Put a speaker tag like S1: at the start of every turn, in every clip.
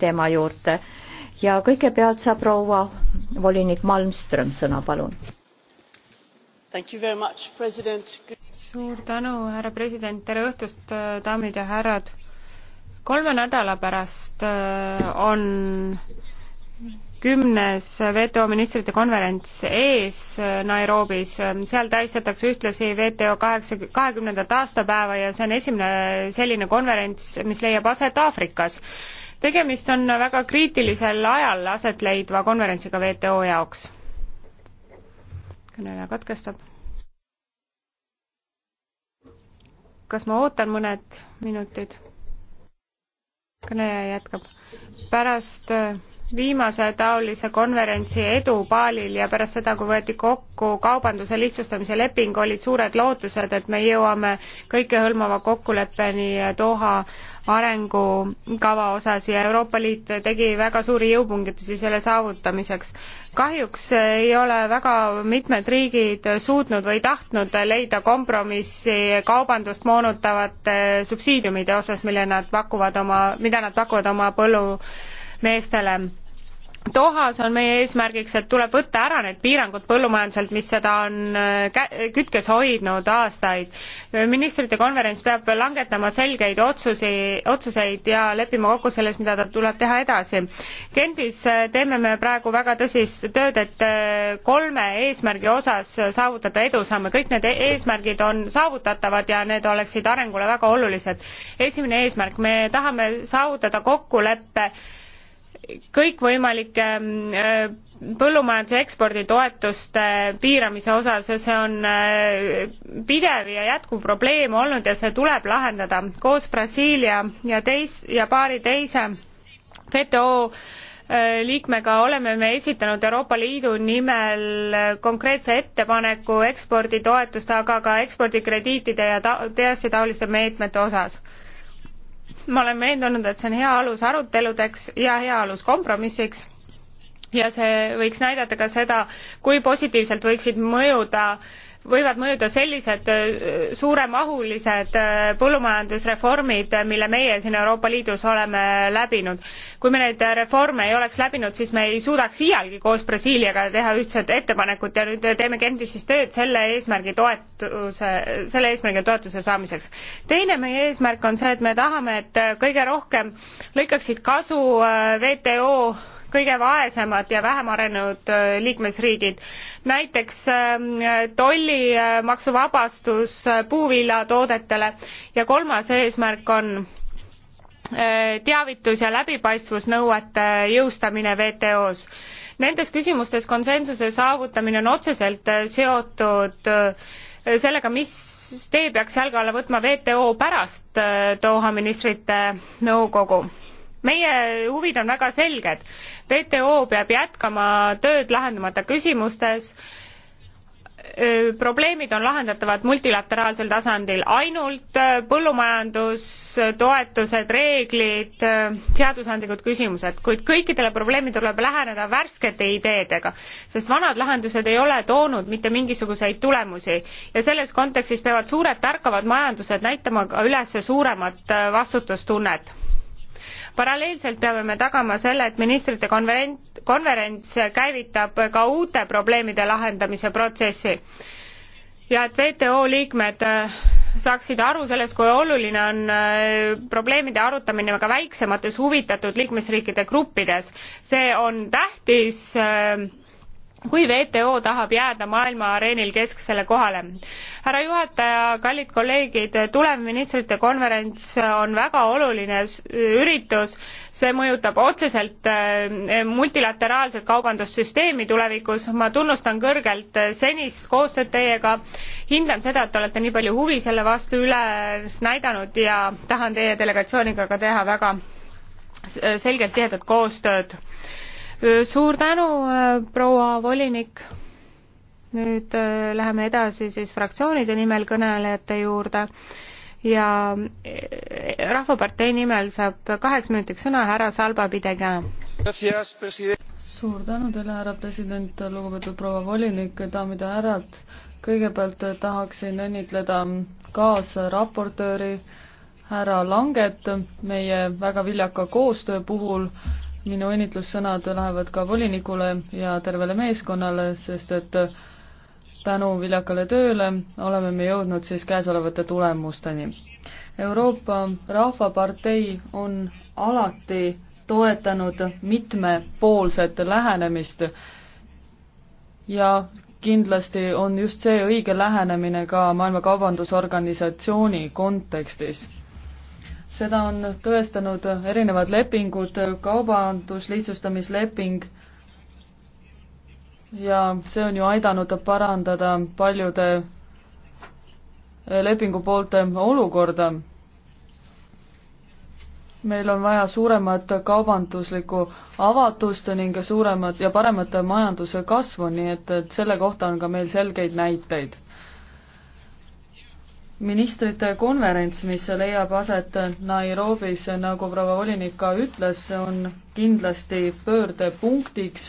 S1: teema juurde ja kõigepealt saab proua volinik Malmström sõna, palun.
S2: suur tänu, härra president, tere õhtust, äh, daamid ja härrad. kolme nädala pärast äh, on kümnes WTO ministrite konverents ees äh, Nairobis, seal tähistatakse ühtlasi WTO kaheksa, kahekümnendat aastapäeva ja see on esimene selline konverents, mis leiab aset Aafrikas tegemist on väga kriitilisel ajal aset leidva konverentsiga WTO jaoks. kõneleja katkestab. kas ma ootan mõned minutid? kõneleja jätkab. pärast äh, viimase taolise konverentsi edu Balil ja pärast seda, kui võeti kokku kaubanduse lihtsustamise leping, olid suured lootused, et me jõuame kõikehõlmava kokkuleppeni Doha arengukava osas ja Euroopa Liit tegi väga suuri jõupingutusi selle saavutamiseks. kahjuks ei ole väga mitmed riigid suutnud või tahtnud leida kompromissi kaubandust moonutavate subsiidiumide osas, mille nad pakuvad oma, mida nad pakuvad oma põllu meestele. Dohas on meie eesmärgiks, et tuleb võtta ära need piirangud põllumajanduselt, mis seda on äh, kütkes hoidnud aastaid. ministrite konverents peab langetama selgeid otsusi, otsuseid ja leppima kokku selles, mida tuleb teha edasi. Genfis äh, teeme me praegu väga tõsist tööd, et äh, kolme eesmärgi osas saavutada edusamme. kõik need e-, eesmärgid on saavutatavad ja need oleksid arengule väga olulised. esimene eesmärk, me tahame saavutada kokkuleppe kõikvõimalike ähm, äh, põllumajanduse eksporditoetuste piiramise osas ja see on äh, pidev ja jätkuv probleem olnud ja see tuleb lahendada koos Brasiilia ja teis- ja paari teise WTO äh, liikmega oleme me esitanud Euroopa Liidu nimel konkreetse ettepaneku eksporditoetuste, aga ka ekspordikrediitide ja ta-, teiste taoliste meetmete osas ma olen veendunud, et see on hea alus aruteludeks ja hea alus kompromissiks ja see võiks näidata ka seda, kui positiivselt võiksid mõjuda äh, võivad mõjuda sellised äh, suuremahulised äh, põllumajandusreformid, äh, mille meie siin Euroopa Liidus oleme läbinud. kui me neid reforme ei oleks läbinud, siis me ei suudaks iialgi koos Brasiiliaga teha ühtset ettepanekut ja nüüd teeme Genfis siis tööd selle eesmärgi toetuse, selle eesmärgi toetuse saamiseks. teine meie eesmärk on see, et me tahame, et kõige rohkem lõikaksid kasu WTO kõige vaesemad ja vähem arenenud äh, liikmesriigid. näiteks ähm, tollimaksuvabastus äh, äh, puuviljatoodetele ja kolmas eesmärk on teavitus ja läbipaistvusnõuete jõustamine WTO-s. Nendes küsimustes konsensuse saavutamine on otseselt seotud sellega, mis tee peaks jalge alla võtma WTO pärast Doha ministrite nõukogu meie huvid on väga selged. WTO peab jätkama tööd lahendamata küsimustes probleemid on lahendatavad multilateraalsel tasandil, ainult põllumajandustoetused, reeglid, seadusandlikud küsimused, kuid kõikidele probleemidele tuleb läheneda värskete ideedega, sest vanad lahendused ei ole toonud mitte mingisuguseid tulemusi ja selles kontekstis peavad suured tärkavad majandused näitama ka üles suuremat vastutustunnet paralleelselt peame me tagama selle, et ministrite konverent-, konverents käivitab ka uute probleemide lahendamise protsessi ja et WTO liikmed äh, saaksid aru sellest, kui oluline on äh, probleemide arutamine ka väiksemates huvitatud liikmesriikide gruppides. see on tähtis äh, kui WTO tahab jääda maailma areenil kesksele kohale. härra juhataja, kallid kolleegid, tulev ministrite konverents on väga oluline üritus, see mõjutab otseselt äh, multilateraalset kaubandussüsteemi tulevikus, ma tunnustan kõrgelt senist koostööd teiega, hindan seda, et te olete nii palju huvi selle vastu üles näidanud ja tahan teie delegatsiooniga ka teha väga selgelt tihedat koostööd suur tänu, proua volinik. nüüd läheme edasi siis fraktsioonide nimel kõnelejate juurde ja Rahvapartei nimel saab kaheks minutiks sõna härra Salba Pidega.
S3: suur tänu teile, härra president, lugupeetud proua volinik, daamid ja härrad. kõigepealt tahaksin õnnitleda kaasraportööri härra Langet meie väga viljaka koostöö puhul minu õnnitlussõnad lähevad ka volinikule ja tervele meeskonnale, sest et tänu viljakale tööle oleme me jõudnud siis käesolevate tulemusteni. Euroopa Rahvapartei on alati toetanud mitmepoolset lähenemist ja kindlasti on just see õige lähenemine ka Maailma Kaubandusorganisatsiooni kontekstis seda on tõestanud erinevad lepingud, kaubanduslihtsustamisleping ja see on ju aidanud parandada paljude lepingupoolte olukorda. meil on vaja suuremat kaubanduslikku avatust ning suuremat ja paremat majanduse kasvu, nii et, et selle kohta on ka meil selgeid näiteid ministrite konverents, mis leiab aset Nairobis, nagu proua volinik ka ütles, on kindlasti pöördepunktiks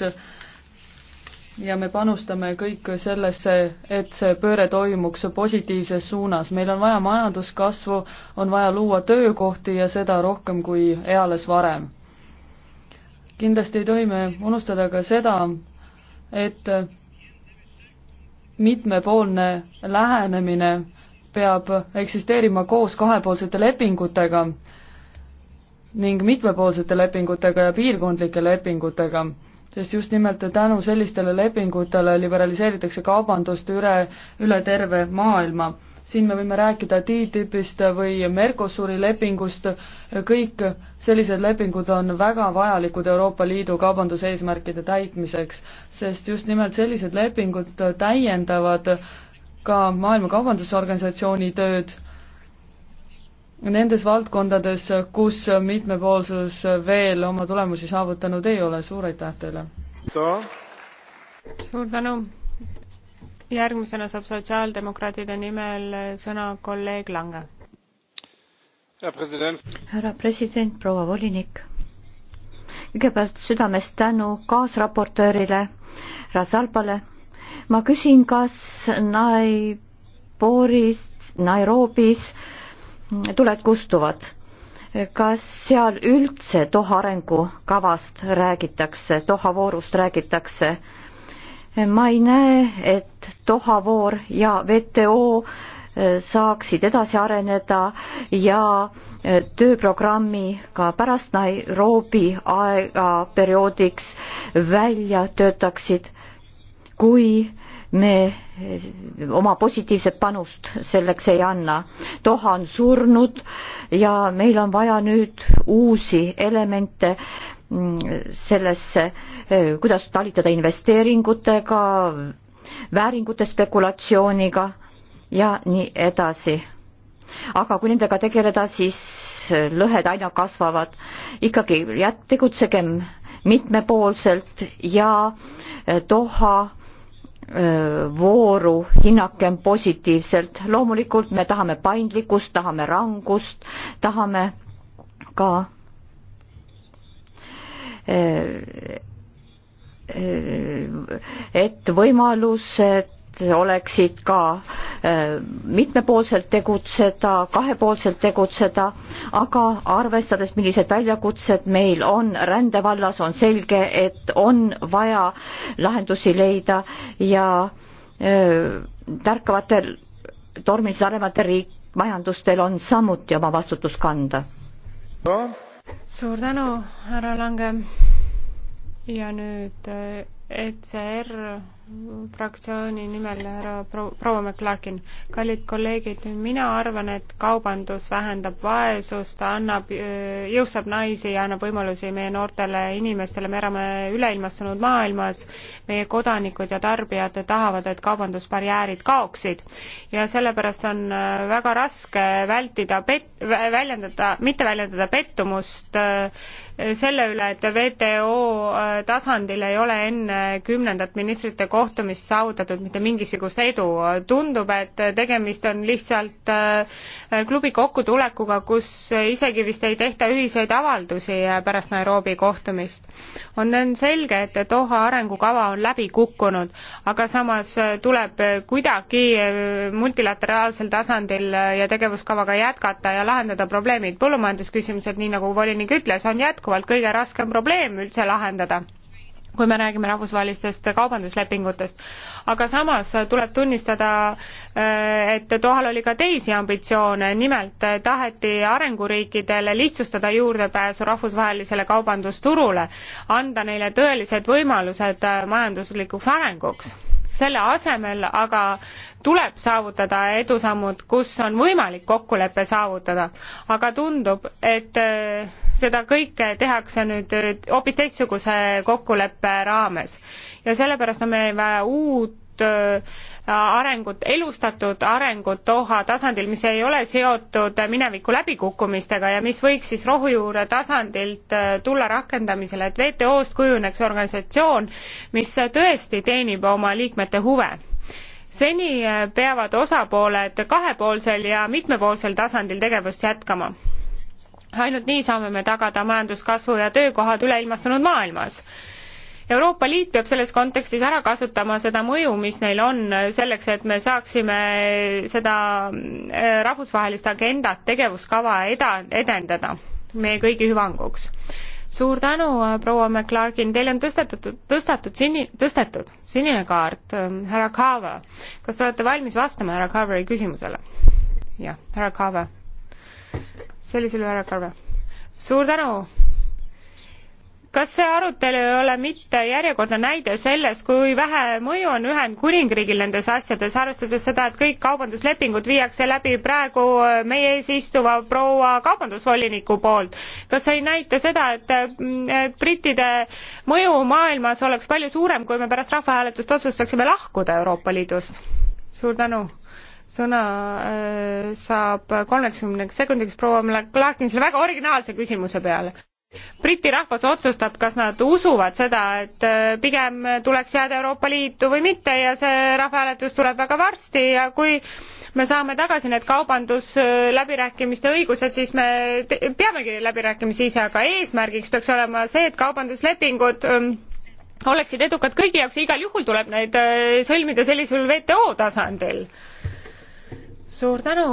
S3: ja me panustame kõik sellesse, et see pööre toimuks positiivses suunas. meil on vaja majanduskasvu, on vaja luua töökohti ja seda rohkem kui eales varem. kindlasti ei tohi me unustada ka seda, et mitmepoolne lähenemine peab eksisteerima koos kahepoolsete lepingutega ning mitmepoolsete lepingutega ja piirkondlike lepingutega, sest just nimelt tänu sellistele lepingutele liberaliseeritakse kaubandust üle, üle terve maailma. siin me võime rääkida TTIP-ist või Mercosuri lepingust, kõik sellised lepingud on väga vajalikud Euroopa Liidu kaubanduseesmärkide täitmiseks, sest just nimelt sellised lepingud täiendavad ka Maailma Kaubandusorganisatsiooni tööd nendes valdkondades, kus mitmepoolsus veel oma tulemusi saavutanud ei ole, suur aitäh teile!
S2: suur tänu! järgmisena saab sotsiaaldemokraatide nimel sõna kolleeg Lange.
S1: härra president, proua volinik, kõigepealt südamest tänu kaasraportöörile Razalbale ma küsin, kas Naiboris, Nairobis tuled kustuvad? kas seal üldse Doha arengukavast räägitakse, Doha voorust räägitakse? ma ei näe, et Doha voor ja WTO e, saaksid edasi areneda ja e, tööprogrammi ka pärast Nairobi aega perioodiks välja töötaksid kui me oma positiivset panust selleks ei anna. Doha on surnud ja meil on vaja nüüd uusi elemente mm, sellesse, eh, kuidas talitada investeeringutega, vääringute spekulatsiooniga ja nii edasi. aga kui nendega tegeleda, siis eh, lõhed aina kasvavad. ikkagi jät-, tegutsegem mitmepoolselt ja eh, Doha vooru hinnakem positiivselt. loomulikult me tahame paindlikkust, tahame rangust, tahame ka et võimalused oleksid ka äh, mitmepoolselt tegutseda, kahepoolselt tegutseda, aga arvestades, millised väljakutsed meil on rände vallas, on selge, et on vaja lahendusi leida ja äh, tärkavatel tormilised arenevatel riik-, majandustel on samuti oma vastutus kanda
S2: no.. suur tänu, härra Lange. ja nüüd äh, ECR fraktsiooni nimel härra proua McLarkin. kallid kolleegid, mina arvan, et kaubandus vähendab vaesust, annab, jõustab naisi ja annab võimalusi meie noortele inimestele, me elame üleilmastunud maailmas, meie kodanikud ja tarbijad tahavad, et kaubandusbarjäärid kaoksid. ja sellepärast on väga raske vältida pet-, väljendada, mitte väljendada pettumust selle üle, et WTO tasandil ei ole enne kümnendat ministrite kohtumist saavutatud mitte mingisugust edu. tundub, et tegemist on lihtsalt äh, klubi kokkutulekuga, kus isegi vist ei tehta ühiseid avaldusi pärast Nairobi kohtumist. on selge, et Doha arengukava on läbi kukkunud, aga samas tuleb kuidagi äh, multilateraalsel tasandil ja tegevuskavaga jätkata ja lahendada probleemid. põllumajandusküsimused, nii nagu volinik ütles, on jätkuvalt kõige raskem probleem üldse lahendada kui me räägime rahvusvahelistest kaubanduslepingutest. aga samas tuleb tunnistada, äh, et tohal oli ka teisi ambitsioone, nimelt äh, taheti arenguriikidele lihtsustada juurdepääsu rahvusvahelisele kaubandusturule, anda neile tõelised võimalussed äh, majanduslikuks arenguks selle asemel aga tuleb saavutada edusammud, kus on võimalik kokkulepe saavutada. aga tundub, et äh, seda kõike tehakse nüüd äh, hoopis teistsuguse kokkuleppe raames ja sellepärast on meil vaja uut äh, arengut, elustatud arengut Doha tasandil, mis ei ole seotud mineviku läbikukkumistega ja mis võiks siis rohujuure tasandilt äh, tulla rakendamisele, et WTO-st kujuneks organisatsioon, mis tõesti teenib oma liikmete huve seni äh, peavad osapooled kahepoolsel ja mitmepoolsel tasandil tegevust jätkama. ainult nii saame me tagada majanduskasvu ja töökohad üleilmastunud maailmas Euroopa Liit peab selles kontekstis ära kasutama seda mõju, mis neil on, selleks et me saaksime seda äh, rahvusvahelist agendat, tegevuskava eda-, edendada meie kõigi hüvanguks. suur tänu, äh, proua McClarkin, teil on tõstatatud, tõstatud sini-, tõstetud sinine kaart, äh, härra Kaava. kas te olete valmis vastama härra Kavari küsimusele? jah, härra Kaava. sellisel juhul härra Kaava. suur tänu kas see arutelu ei ole mitte järjekordne näide sellest, kui vähe mõju on Ühendkuningriigil nendes asjades, arvestades seda, et kõik kaubanduslepingud viiakse läbi praegu meie ees istuva proua kaubandusvoliniku poolt. kas see ei näita seda, et mm, brittide mõju maailmas oleks palju suurem, kui me pärast rahvahääletust otsustaksime lahkuda Euroopa Liidust? suur tänu! sõna äh, saab kolmekümneks sekundiks proua Clarkinsele väga originaalse küsimuse peale Briti rahvas otsustab, kas nad usuvad seda, et äh, pigem tuleks jääda Euroopa Liitu või mitte ja see rahvahääletus tuleb väga varsti ja kui me saame tagasi need kaubandusläbirääkimiste õigused, siis me peamegi läbirääkimisi ise, aga eesmärgiks peaks olema see, et kaubanduslepingud ähm, oleksid edukad kõigi jaoks ja igal juhul tuleb neid äh, sõlmida sellisel WTO tasandil. suur tänu,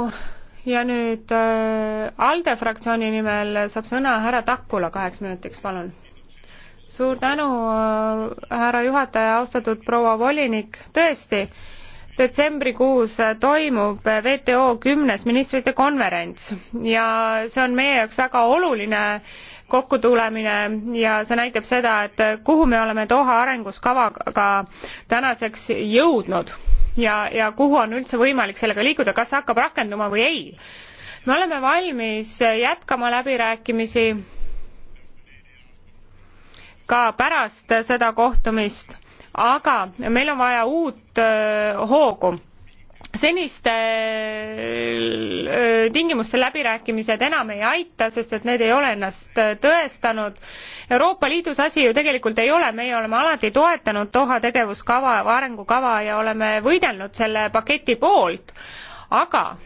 S2: ja nüüd äh, ALDE fraktsiooni nimel saab sõna härra Takula kaheks minutiks, palun. suur tänu äh,, härra juhataja, austatud proua volinik, tõesti, detsembrikuus toimub WTO kümnes ministrite konverents ja see on meie jaoks väga oluline kokkutulemine ja see näitab seda, et kuhu me oleme Doha arenguskavaga tänaseks jõudnud ja, ja kuhu on üldse võimalik sellega liikuda, kas see hakkab rakenduma või ei. me oleme valmis jätkama läbirääkimisi ka pärast seda kohtumist, aga meil on vaja uut äh, hoogu senistel äh, tingimustel läbirääkimised enam ei aita, sest et need ei ole ennast äh, tõestanud. Euroopa Liidus asi ju tegelikult ei ole, meie oleme alati toetanud Doha tegevuskava, arengukava ja oleme võidelnud selle paketi poolt, aga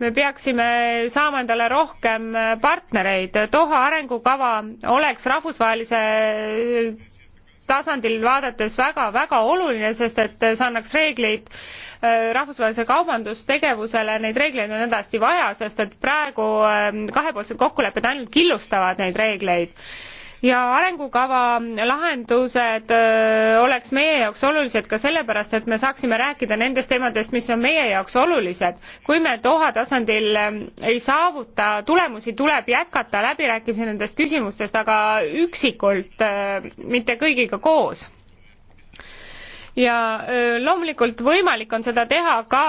S2: me peaksime saama endale rohkem partnereid. Doha arengukava oleks rahvusvahelise tasandil vaadates väga-väga oluline, sest et see annaks reegleid äh, rahvusvahelise kaubandustegevusele, neid reegleid on hädasti vaja, sest et praegu äh, kahepoolsed kokkulepped ainult killustavad neid reegleid ja arengukava lahendused oleks meie jaoks olulised ka sellepärast, et me saaksime rääkida nendest teemadest, mis on meie jaoks olulised. kui me Doha tasandil ei saavuta tulemusi, tuleb jätkata läbirääkimisi nendest küsimustest, aga üksikult, mitte kõigiga koos ja loomulikult võimalik on seda teha ka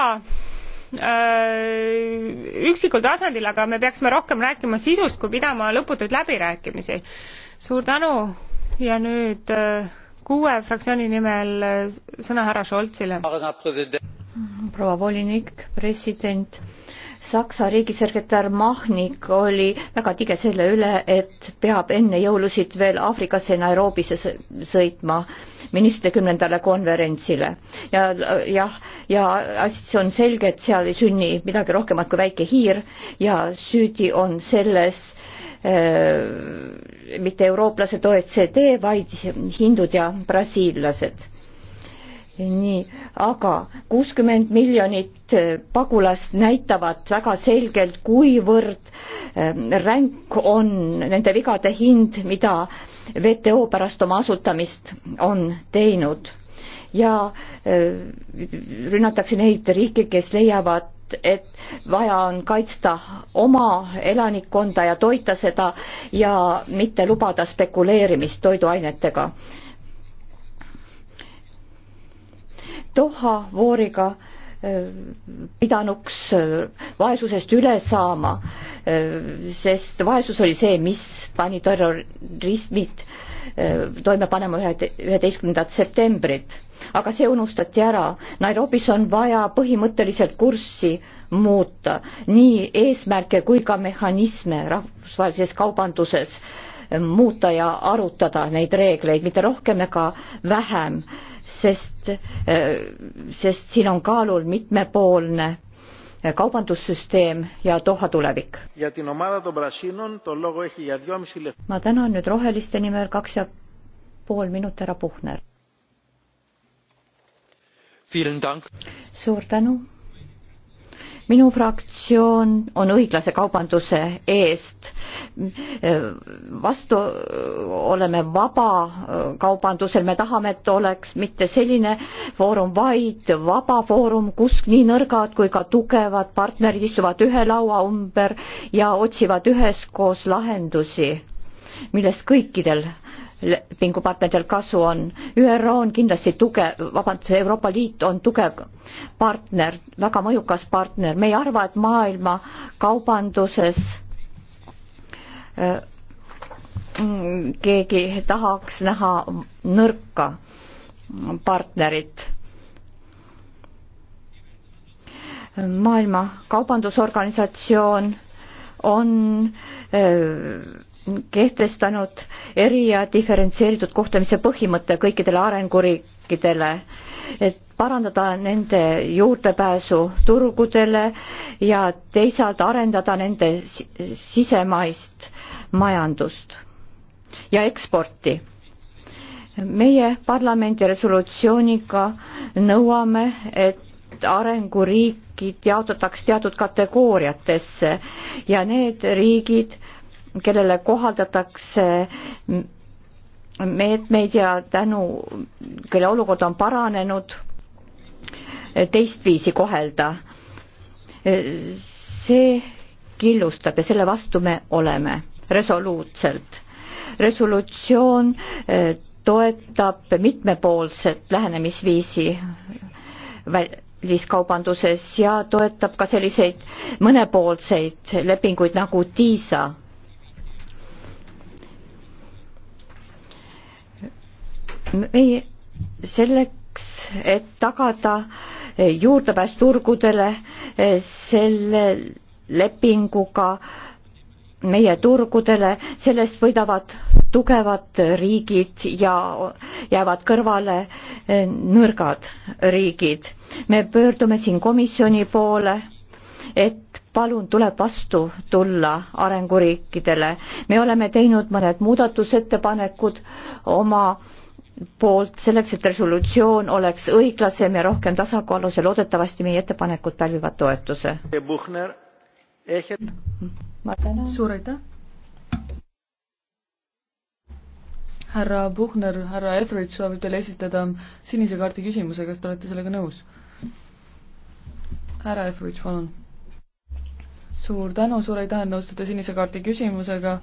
S2: üksikul tasandil, aga me peaksime rohkem rääkima sisust, kui pidama lõputuid läbirääkimisi suur tänu ja nüüd äh, kuue fraktsiooni nimel äh, sõna härra Scholzile.
S1: proua volinik, president Saksa riigisekretär Mahnik oli väga tige selle üle, et peab enne jõulusid veel Aafrikasse Nairobisse sõitma ministri kümnendale konverentsile. ja jah, ja asi on selge, et seal ei sünni midagi rohkemat kui väike hiir ja süüdi on selles äh, mitte eurooplased OECD, vaid hindud ja brasiillased nii, aga kuuskümmend miljonit eh, pagulast näitavad väga selgelt, kuivõrd eh, ränk on nende vigade hind, mida WTO pärast oma asutamist on teinud. ja eh, rünnatakse neid riike, kes leiavad, et vaja on kaitsta oma elanikkonda ja toita seda ja mitte lubada spekuleerimist toiduainetega Doha vooriga äh, pidanuks äh, vaesusest üle saama, äh, sest vaesus oli see, mis pani terrorismid toime panema üheteistkümnendat septembrit. aga see unustati ära. Nairobis on vaja põhimõtteliselt kurssi muuta, nii eesmärke kui ka mehhanisme rahvusvahelises kaubanduses äh, muuta ja arutada neid reegleid, mitte rohkem ega vähem, sest, sest siin on kaalul mitmepoolne kaubandussüsteem ja Doha tulevik.
S3: ma tänan nüüd
S1: roheliste nimel kaks ja pool minut, härra Puhner. suur tänu minu fraktsioon on õiglase kaubanduse eest. vastu oleme vaba kaubandusel, me tahame, et oleks mitte selline foorum, vaid vaba foorum, kus nii nõrgad kui ka tugevad partnerid istuvad ühe laua ümber ja otsivad üheskoos lahendusi, millest kõikidel lepingupartneritel kasu on. ÜRO on kindlasti tugev, vabandust, Euroopa Liit on tugev partner, väga mõjukas partner, me ei arva, et maailma kaubanduses äh, mm, keegi tahaks näha nõrka partnerit maailma kaubandusorganisatsioon on öö, äh, kehtestanud eri ja diferentseeritud kohtlemise põhimõtte kõikidele arenguriikidele, et parandada nende juurdepääsu turgudele ja teisalt arendada nende sisemaist majandust ja eksporti. meie parlamendi resolutsiooniga nõuame, et arenguriigid jaotataks teatud kategooriatesse ja need riigid, kellele kohaldatakse meetmeid ja tänu, kelle olukord on paranenud, teistviisi kohelda. see killustab ja selle vastu me oleme resoluutselt. resolutsioon eh, toetab mitmepoolset lähenemisviisi väliskaubanduses ja toetab ka selliseid mõnepoolseid lepinguid nagu TISA meie selleks, et tagada eh, juurdepääs turgudele eh, selle lepinguga meie turgudele, sellest võidavad tugevad riigid ja jäävad kõrvale eh, nõrgad riigid. me pöördume siin komisjoni poole, et palun tuleb vastu tulla arenguriikidele. me oleme teinud mõned muudatusettepanekud oma äh, poolt selleks, et resolutsioon oleks õiglasem ja rohkem tasakaalus ja loodetavasti meie ettepanekud pälvivad toetuse.
S3: ma tänan. suur aitäh. härra Buchner, härra Etheridge soovib teile esitada sinise kaardi küsimuse, kas te olete sellega nõus? härra Etheridge, palun. suur tänu, suur aitäh, et nõustute sinise kaardi küsimusega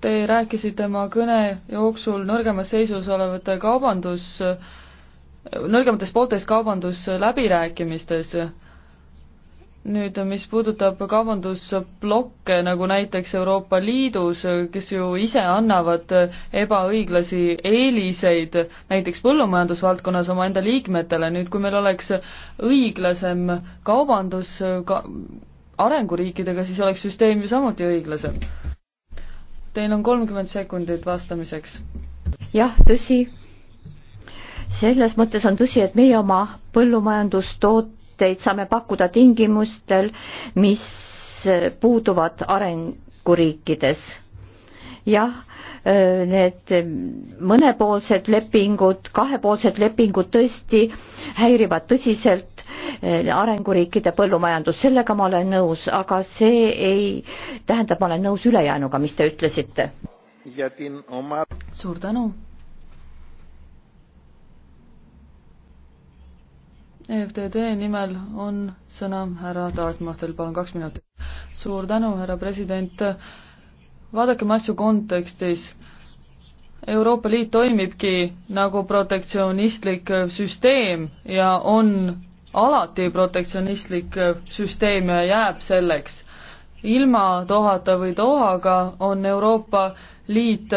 S3: Te rääkisite oma kõne jooksul nõrgemas seisus olevate kaubandus, nõrgemates pooltes kaubandusläbirääkimistes. nüüd, mis puudutab kaubandusblokke, nagu näiteks Euroopa Liidus, kes ju ise annavad ebaõiglasi eeliseid näiteks põllumajandusvaldkonnas omaenda liikmetele, nüüd kui meil oleks õiglasem kaubandus ka arenguriikidega, siis oleks süsteem ju samuti õiglasem Teil on kolmkümmend sekundit vastamiseks.
S1: jah, tõsi. selles mõttes on tõsi, et meie oma põllumajandustooteid saame pakkuda tingimustel, mis puuduvad arenguriikides. jah, need mõnepoolsed lepingud, kahepoolsed lepingud tõesti häirivad tõsiselt Eh, arenguriikide põllumajandus, sellega ma olen nõus, aga see ei tähenda, ma olen nõus ülejäänuga, mis te ütlesite. Oma...
S3: suur tänu. EFTD nimel on sõna härra Dartmouthil, palun kaks minutit. suur tänu, härra president. vaadakem asju kontekstis Euroopa Liit toimibki nagu protektsionistlik süsteem ja on alati protektsionistlik eh, süsteem ja jääb selleks. ilma Dohata või Dohaga on Euroopa Liit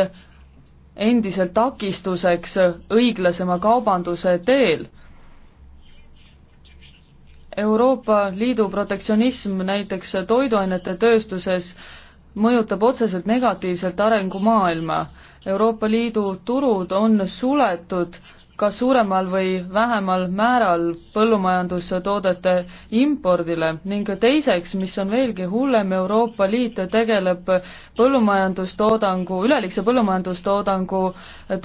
S3: endiselt takistuseks õiglasema kaubanduse teel. Euroopa Liidu protektsionism näiteks toiduainete tööstuses mõjutab otseselt negatiivselt arengumaailma. Euroopa Liidu turud on suletud kas suuremal või vähemal määral põllumajandustoodete impordile ning teiseks, mis on veelgi hullem, Euroopa Liit tegeleb põllumajandustoodangu, üleliigse põllumajandustoodangu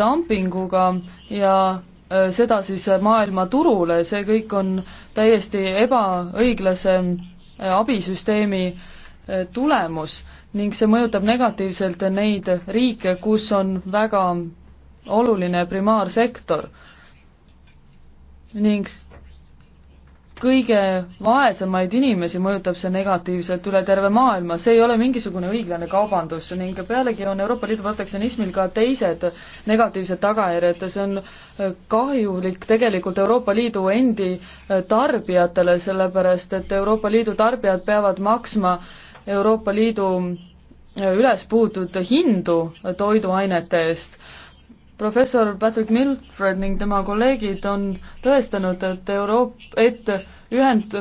S3: dumpinguga ja äh, seda siis maailmaturule, see kõik on täiesti ebaõiglase äh, abisüsteemi äh, tulemus ning see mõjutab negatiivselt neid riike, kus on väga oluline primaarsektor ning kõige vaesemaid inimesi mõjutab see negatiivselt üle terve maailma, see ei ole mingisugune õiglane kaubandus ning pealegi on Euroopa Liidu protektsionismil ka teised negatiivsed tagajärjed, see on äh, kahjulik tegelikult Euroopa Liidu endi äh, tarbijatele, sellepärast et Euroopa Liidu tarbijad peavad maksma Euroopa Liidu äh, üles puutud hindu toiduainete eest professor Patrick Milfred ning tema kolleegid on tõestanud, et Euroop-, et ühend-,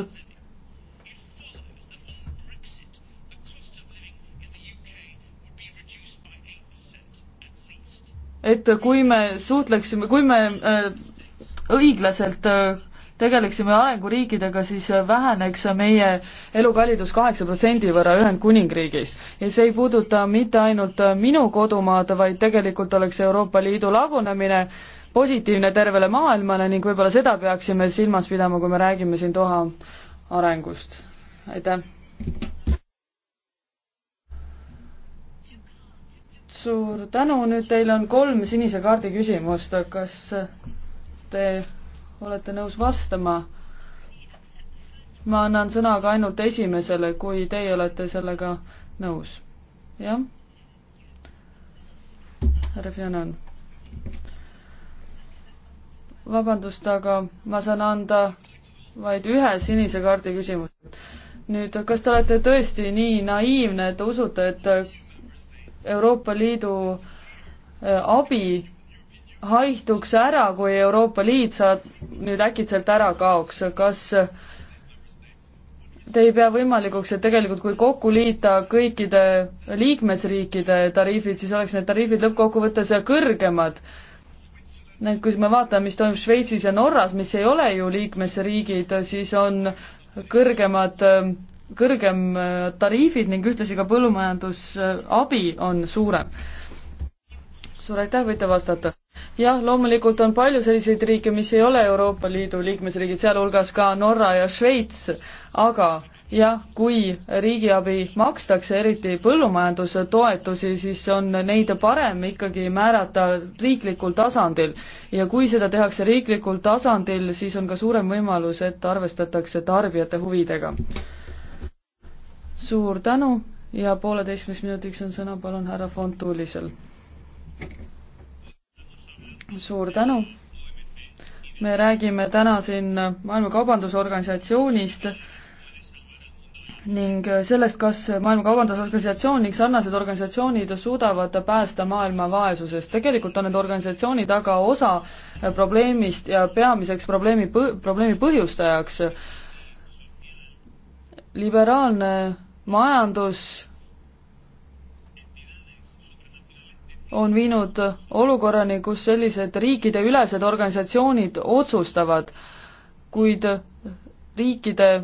S3: et kui me suhtleksime, kui me äh, õiglaselt äh, tegeleksime arenguriikidega, siis väheneks meie elukallidus kaheksa protsendi võrra Ühendkuningriigis. ja see ei puuduta mitte ainult minu kodumaad, vaid tegelikult oleks Euroopa Liidu lagunemine positiivne tervele maailmale ning võib-olla seda peaksime silmas pidama, kui me räägime siin Doha arengust. aitäh! suur tänu, nüüd teil on kolm sinise kaardi küsimust, kas te olete nõus vastama. ma annan sõna aga ainult esimesele, kui teie olete sellega nõus. jah? härra Fjanan. vabandust, aga ma saan anda vaid ühe sinise kaardi küsimuse. nüüd, kas te olete tõesti nii naiivne, et te usute, et Euroopa Liidu eh, abi haihtuks ära, kui Euroopa Liit saab nüüd äkitselt ära kaoks, kas te ei pea võimalikuks, et tegelikult kui kokku liita kõikide liikmesriikide tariifid, siis oleks need tariifid lõppkokkuvõttes kõrgemad. nüüd, kui me vaatame, mis toimub Šveitsis ja Norras, mis ei ole ju liikmesriigid, siis on kõrgemad, kõrgem tariifid ning ühtlasi ka põllumajandusabi on suurem. suur aitäh, võite vastata jah, loomulikult on palju selliseid riike, mis ei ole Euroopa Liidu liikmesriigid, sealhulgas ka Norra ja Šveits, aga jah, kui riigiabi makstakse, eriti põllumajandustoetusi, siis on neid parem ikkagi määrata riiklikul tasandil. ja kui seda tehakse riiklikul tasandil, siis on ka suurem võimalus, et arvestatakse tarbijate huvidega. suur tänu ja pooleteistkümneks minutiks on sõna palun härra Fontuulisel suur tänu. me räägime täna siin Maailma Kaubandusorganisatsioonist ning sellest, kas Maailma Kaubandusorganisatsioon ning sarnased organisatsioonid suudavad päästa maailma vaesusest. tegelikult on need organisatsioonid aga osa probleemist ja peamiseks probleemi, probleemi põhjustajaks. liberaalne majandus on viinud olukorrani, kus sellised riikideülesed organisatsioonid otsustavad, kuid riikide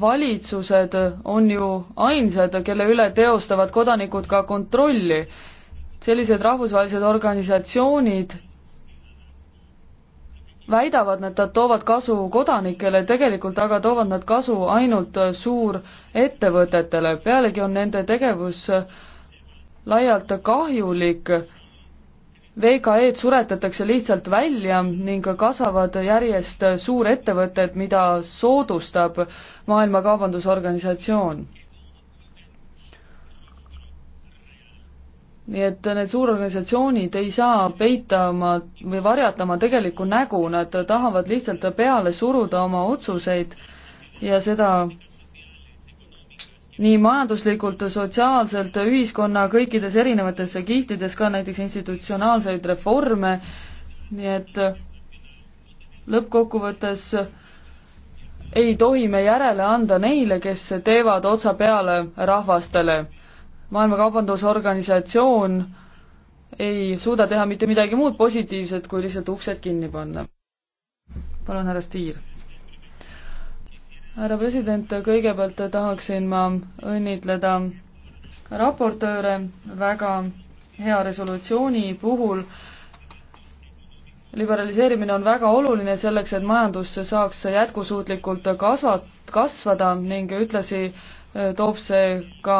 S3: valitsused on ju ainsad, kelle üle teostavad kodanikud ka kontrolli. sellised rahvusvahelised organisatsioonid väidavad nad, nad toovad kasu kodanikele, tegelikult aga toovad nad kasu ainult suurettevõtetele, pealegi on nende tegevus äh, laialt kahjulik. VKE-d suretatakse lihtsalt välja ning kasvavad järjest suurettevõtted, mida soodustab Maailma Kaubandusorganisatsioon. nii et need suurorganisatsioonid ei saa peita oma või varjata oma tegelikku nägu, nad tahavad lihtsalt peale suruda oma otsuseid ja seda nii majanduslikult, sotsiaalselt, ühiskonna kõikides erinevates kihtides, ka näiteks institutsionaalseid reforme, nii et lõppkokkuvõttes ei tohi me järele anda neile, kes teevad otsa peale rahvastele. maailma Kaubandusorganisatsioon ei suuda teha mitte midagi muud positiivset, kui lihtsalt uksed kinni panna. palun, härra Stier härra president, kõigepealt tahaksin ma õnnitleda raportööre väga hea resolutsiooni puhul. liberaliseerimine on väga oluline selleks, et majandus saaks jätkusuutlikult kasvat-, kasvada ning ühtlasi eh, toob see ka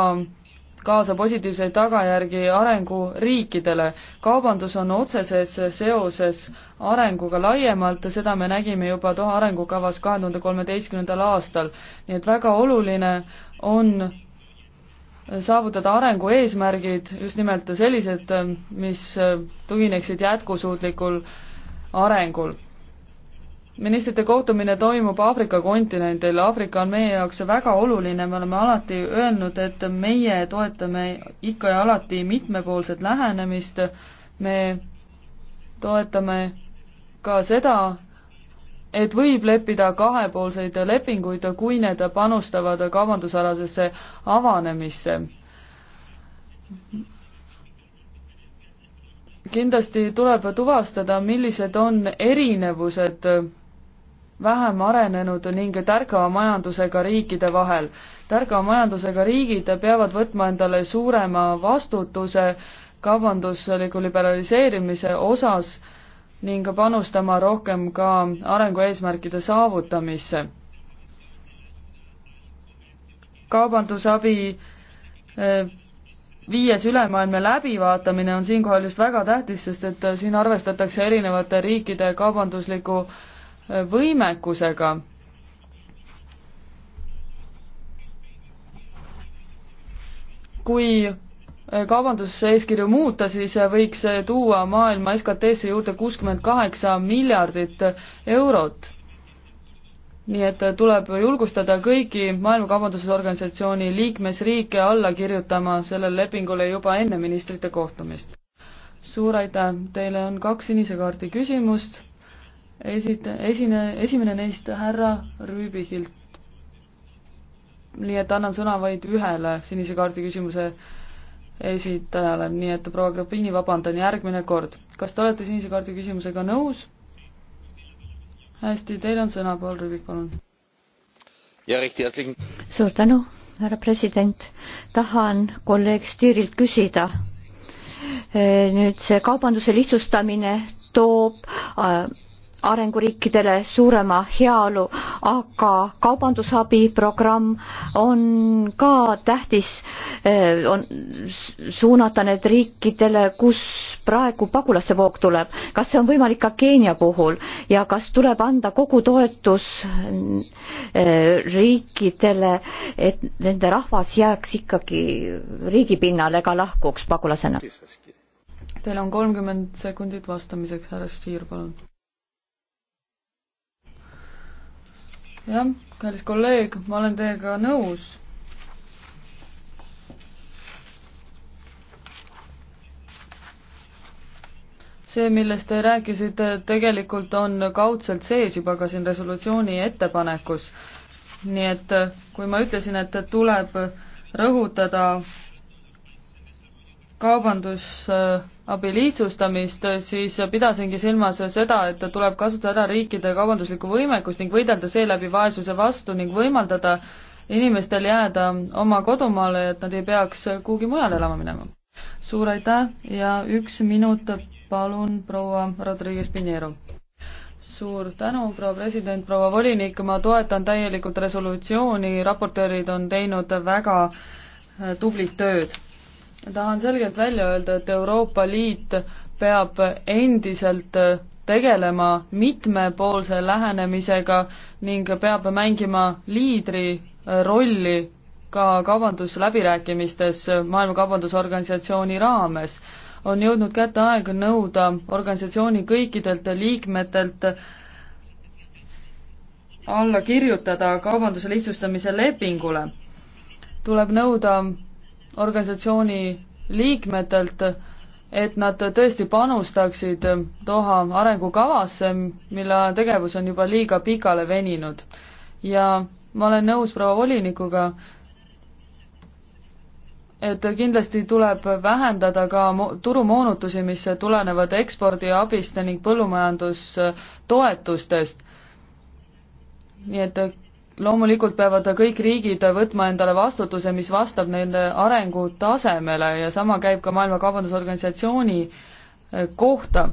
S3: kaasa positiivseid tagajärgi arenguriikidele. kaubandus on otseses seoses arenguga laiemalt, seda me nägime juba Doha arengukavas kahe tuhande kolmeteistkümnendal aastal. nii et väga oluline on saavutada arengu eesmärgid just nimelt sellised, mis tugineksid jätkusuutlikul arengul ministrite kohtumine toimub Aafrika kontinendil, Aafrika on meie jaoks väga oluline, me oleme alati öelnud, et meie toetame ikka ja alati mitmepoolset lähenemist, me toetame ka seda, et võib leppida kahepoolseid lepinguid, kui need panustavad kaubandusalasesse avanemisse kindlasti tuleb tuvastada, millised on erinevused vähem arenenud ning tärkava majandusega riikide vahel. tärkava majandusega riigid peavad võtma endale suurema vastutuse kaubandusliku liberaliseerimise osas ning panustama rohkem ka arengueesmärkide saavutamisse. kaubandusabi eh, viies ülemaailmne läbivaatamine on siinkohal just väga tähtis, sest et eh, siin arvestatakse erinevate riikide kaubandusliku äh, võimekusega. kui kaubanduseeskirju muuta, siis võiks see tuua maailma SKT-sse juurde kuuskümmend kaheksa miljardit eurot nii et tuleb julgustada kõiki Maailma Kaubandusorganisatsiooni liikmesriike alla kirjutama sellele lepingule juba enne ministrite kohtumist. suur aitäh, teile on kaks sinise kaardi küsimust esita-, esine, esimene neist härra Rüübihilt. nii et annan sõna vaid ühele sinise kaardi küsimuse esitajale, nii et proua Grabini, vabandan, järgmine kord. kas te olete sinise kaardi küsimusega nõus? hästi, teil on sõna, Paul Rüübik, palun.
S1: suur tänu, härra president. tahan kolleeg Stiirilt küsida. Eh, nüüd see kaubanduse lihtsustamine toob äh, arenguriikidele suurema heaolu, aga kaubandusabiprogramm on ka tähtis, eh, on suunata need riikidele, kus praegu pagulaste voog tuleb. kas see on võimalik ka Keenia puhul ja kas tuleb anda kogu toetus eh, riikidele, et nende rahvas jääks ikkagi riigi pinnale ega lahkuks pagulasena?
S3: Teil on kolmkümmend sekundit vastamiseks, härra Stier, palun jah, kallis kolleeg, ma olen teiega nõus. see, millest te rääkisite, tegelikult on kaudselt sees juba ka siin resolutsiooni ettepanekus. nii et kui ma ütlesin, et tuleb rõhutada kaubandusabi lihtsustamist, siis pidasingi silmas seda, et tuleb kasutada ära riikide kaubanduslikku võimekust ning võidelda seeläbi vaesuse vastu ning võimaldada inimestel jääda oma kodumaale, et nad ei peaks kuhugi mujale elama minema. suur aitäh ja üks minut palun proua Rodriguez Pinheiro. suur tänu, proua president, proua volinik, ma toetan täielikult resolutsiooni, raportöörid on teinud väga tublit tööd tahan selgelt välja öelda, et Euroopa Liit peab endiselt äh, tegelema mitmepoolse lähenemisega ning peab mängima liidri äh, rolli ka kaubandusläbirääkimistes äh, Maailma Kaubandusorganisatsiooni raames. on jõudnud kätte aeg nõuda organisatsiooni kõikidelt liikmetelt alla kirjutada kaubanduse lihtsustamise lepingule. tuleb nõuda organisatsiooni liikmetelt, et nad tõesti panustaksid Doha arengukavasse, mille tegevus on juba liiga pikale veninud. ja ma olen nõus proua volinikuga, et kindlasti tuleb vähendada ka turumoonutusi, mis tulenevad ekspordiabist ning põllumajandustoetustest. nii et loomulikult peavad kõik riigid võtma endale vastutuse, mis vastab nende arengutasemele ja sama käib ka Maailma Kaubandusorganisatsiooni eh, kohta.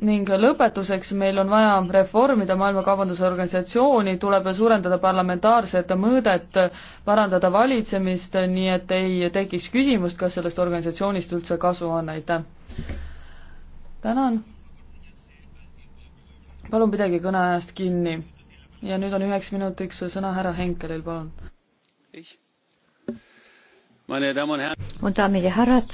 S3: ning lõpetuseks, meil on vaja reformida Maailma Kaubandusorganisatsiooni, tuleb suurendada parlamentaarset mõõdet, parandada valitsemist, nii et ei tekiks küsimust, kas sellest organisatsioonist üldse kasu on, aitäh! tänan! palun pidage kõneajast kinni ja nüüd on üheks minutiks sõna härra Henkelil, palun.
S1: mu daamid ja härrad,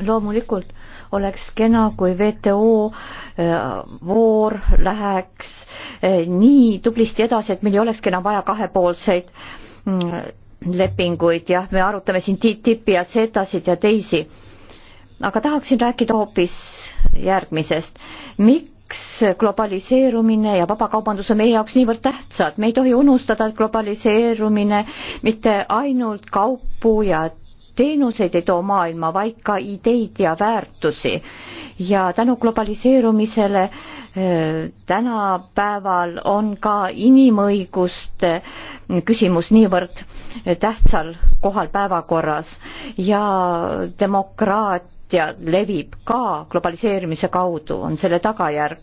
S1: loomulikult oleks kena, kui WTO äh, voor läheks äh, nii tublisti edasi, et meil ei olekski enam vaja kahepoolseid mm, lepinguid, jah, me arutame siin TTIP-i ja CETA-sid ja teisi. aga tahaksin rääkida hoopis järgmisest. miks miks globaliseerumine ja vabakaubandus on meie jaoks niivõrd tähtsad. me ei tohi unustada, et globaliseerumine mitte ainult kaupu ja teenuseid ei too maailma, vaid ka ideid ja väärtusi. ja tänu globaliseerumisele äh, tänapäeval on ka inimõiguste küsimus niivõrd tähtsal kohal päevakorras ja demokraatia ja levib ka globaliseerimise kaudu, on selle tagajärg.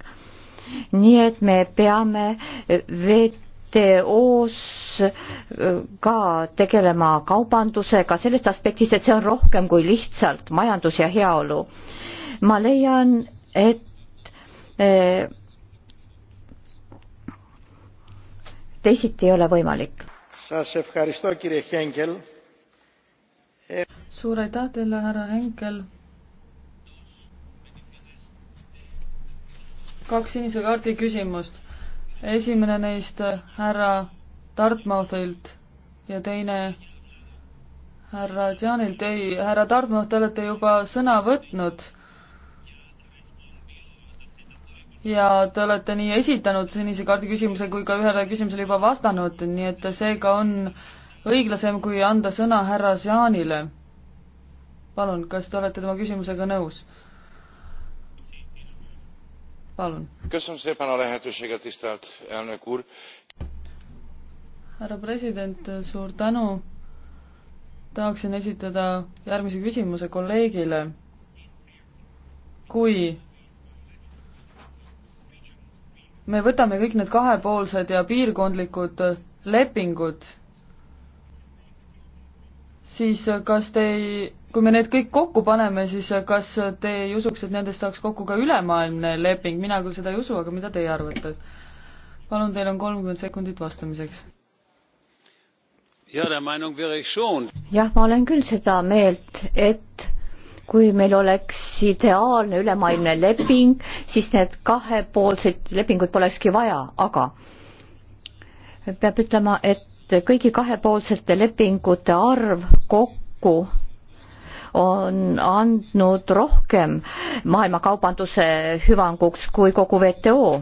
S1: nii et me peame WTO-s äh, ka tegelema kaubandusega sellest aspektist, et see on rohkem kui lihtsalt majandus ja heaolu. ma leian, et äh, teisiti ei ole võimalik.
S3: suur aitäh teile, härra Henkel kaks sinise kaardi küsimust. esimene neist äh, härra Dartmouthilt ja teine härra Jaanilt. ei, härra Dartmouth, te olete juba sõna võtnud. ja te olete nii esitanud sinise kaardi küsimuse kui ka ühele küsimusele juba vastanud, nii et seega on õiglasem, kui anda sõna härra Jaanile. palun, kas te olete tema küsimusega nõus? palun. härra president, suur tänu. tahaksin esitada järgmise küsimuse kolleegile. kui me võtame kõik need kahepoolsed ja piirkondlikud lepingud, siis kas te ei kui me need kõik kokku paneme, siis kas te ei usuks, et nendest saaks kokku ka ülemaailmne leping, mina küll seda ei usu, aga mida teie arvate? palun, teil on kolmkümmend sekundit vastamiseks. jah, ma olen küll seda
S1: meelt, et kui meil oleks ideaalne ülemaailmne leping, siis need kahepoolsed lepingud polekski vaja, aga peab ütlema, et kõigi kahepoolsete lepingute arv kokku on andnud rohkem maailmakaubanduse hüvanguks kui kogu WTO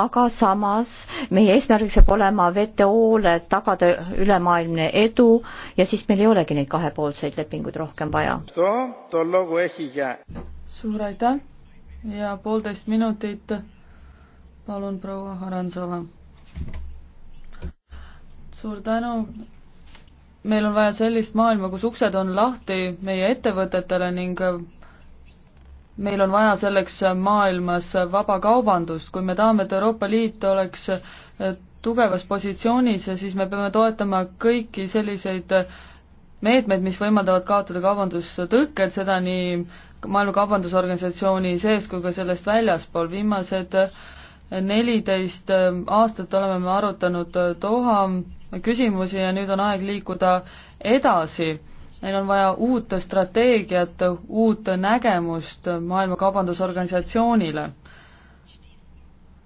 S1: aga samas meie eesmärgiks peab olema WTO-le tagada ülemaailmne edu ja siis meil ei olegi neid kahepoolseid lepinguid rohkem vaja.
S3: suur aitäh ja poolteist minutit palun proua Haransova. suur tänu, meil on vaja sellist maailma, kus uksed on lahti meie ettevõtetele ning meil on vaja selleks maailmas vabakaubandust, kui me tahame, et Euroopa Liit oleks tugevas positsioonis, siis me peame toetama kõiki selliseid meetmeid, mis võimaldavad kaotada kaubandustõkked, seda nii Maailma Kaubandusorganisatsiooni sees kui ka sellest väljaspool, viimased neliteist aastat oleme me arutanud Doha küsimusi ja nüüd on aeg liikuda edasi. meil on vaja uut strateegiat, uut nägemust Maailma Kaubandusorganisatsioonile.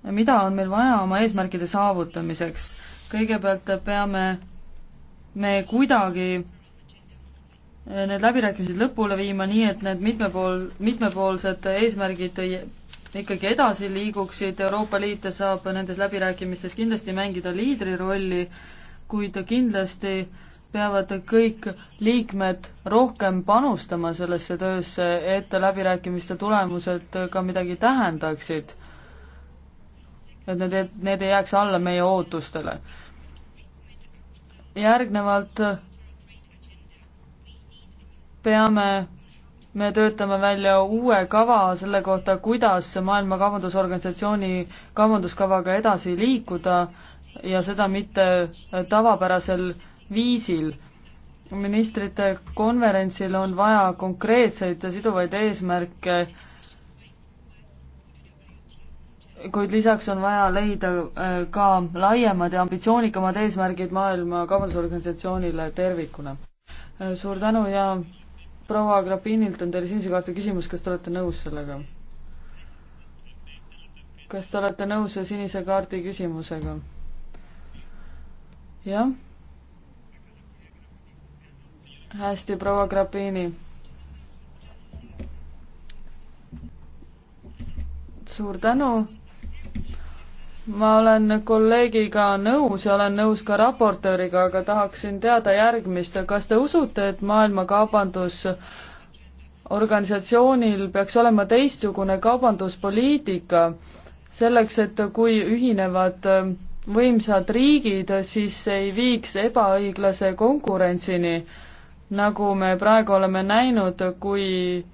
S3: mida on meil vaja oma eesmärkide saavutamiseks? kõigepealt peame me kuidagi need läbirääkimised lõpule viima nii, et need mitmepool, mitmepoolsed eesmärgid ikkagi edasi liiguksid, Euroopa Liit saab nendes läbirääkimistes kindlasti mängida liidrirolli kuid kindlasti peavad kõik liikmed rohkem panustama sellesse töösse, et läbirääkimiste tulemused ka midagi tähendaksid. et need, need ei jääks alla meie ootustele. järgnevalt peame me töötame välja uue kava selle kohta, kuidas Maailma Kaubandusorganisatsiooni kaubanduskavaga edasi liikuda ja seda mitte tavapärasel viisil. ministrite konverentsil on vaja konkreetseid ja siduvaid eesmärke, kuid lisaks on vaja leida äh, ka laiemad ja ambitsioonikamad eesmärgid Maailma Kaubandusorganisatsioonile tervikuna. Äh, suur tänu ja proua Grapinilt on teile sinise kaarte küsimus, kas te olete nõus sellega? kas te olete nõus sinise kaardi küsimusega? jah. hästi, proua Grapini. suur tänu. ma olen kolleegiga nõus ja olen nõus ka raportööriga, aga tahaksin teada järgmist, kas te usute, et maailmakaubandus organisatsioonil peaks olema teistsugune kaubanduspoliitika selleks, et kui ühinevad äh, võimsad riigid siis ei viiks ebaõiglase konkurentsini, nagu me praegu oleme näinud, kui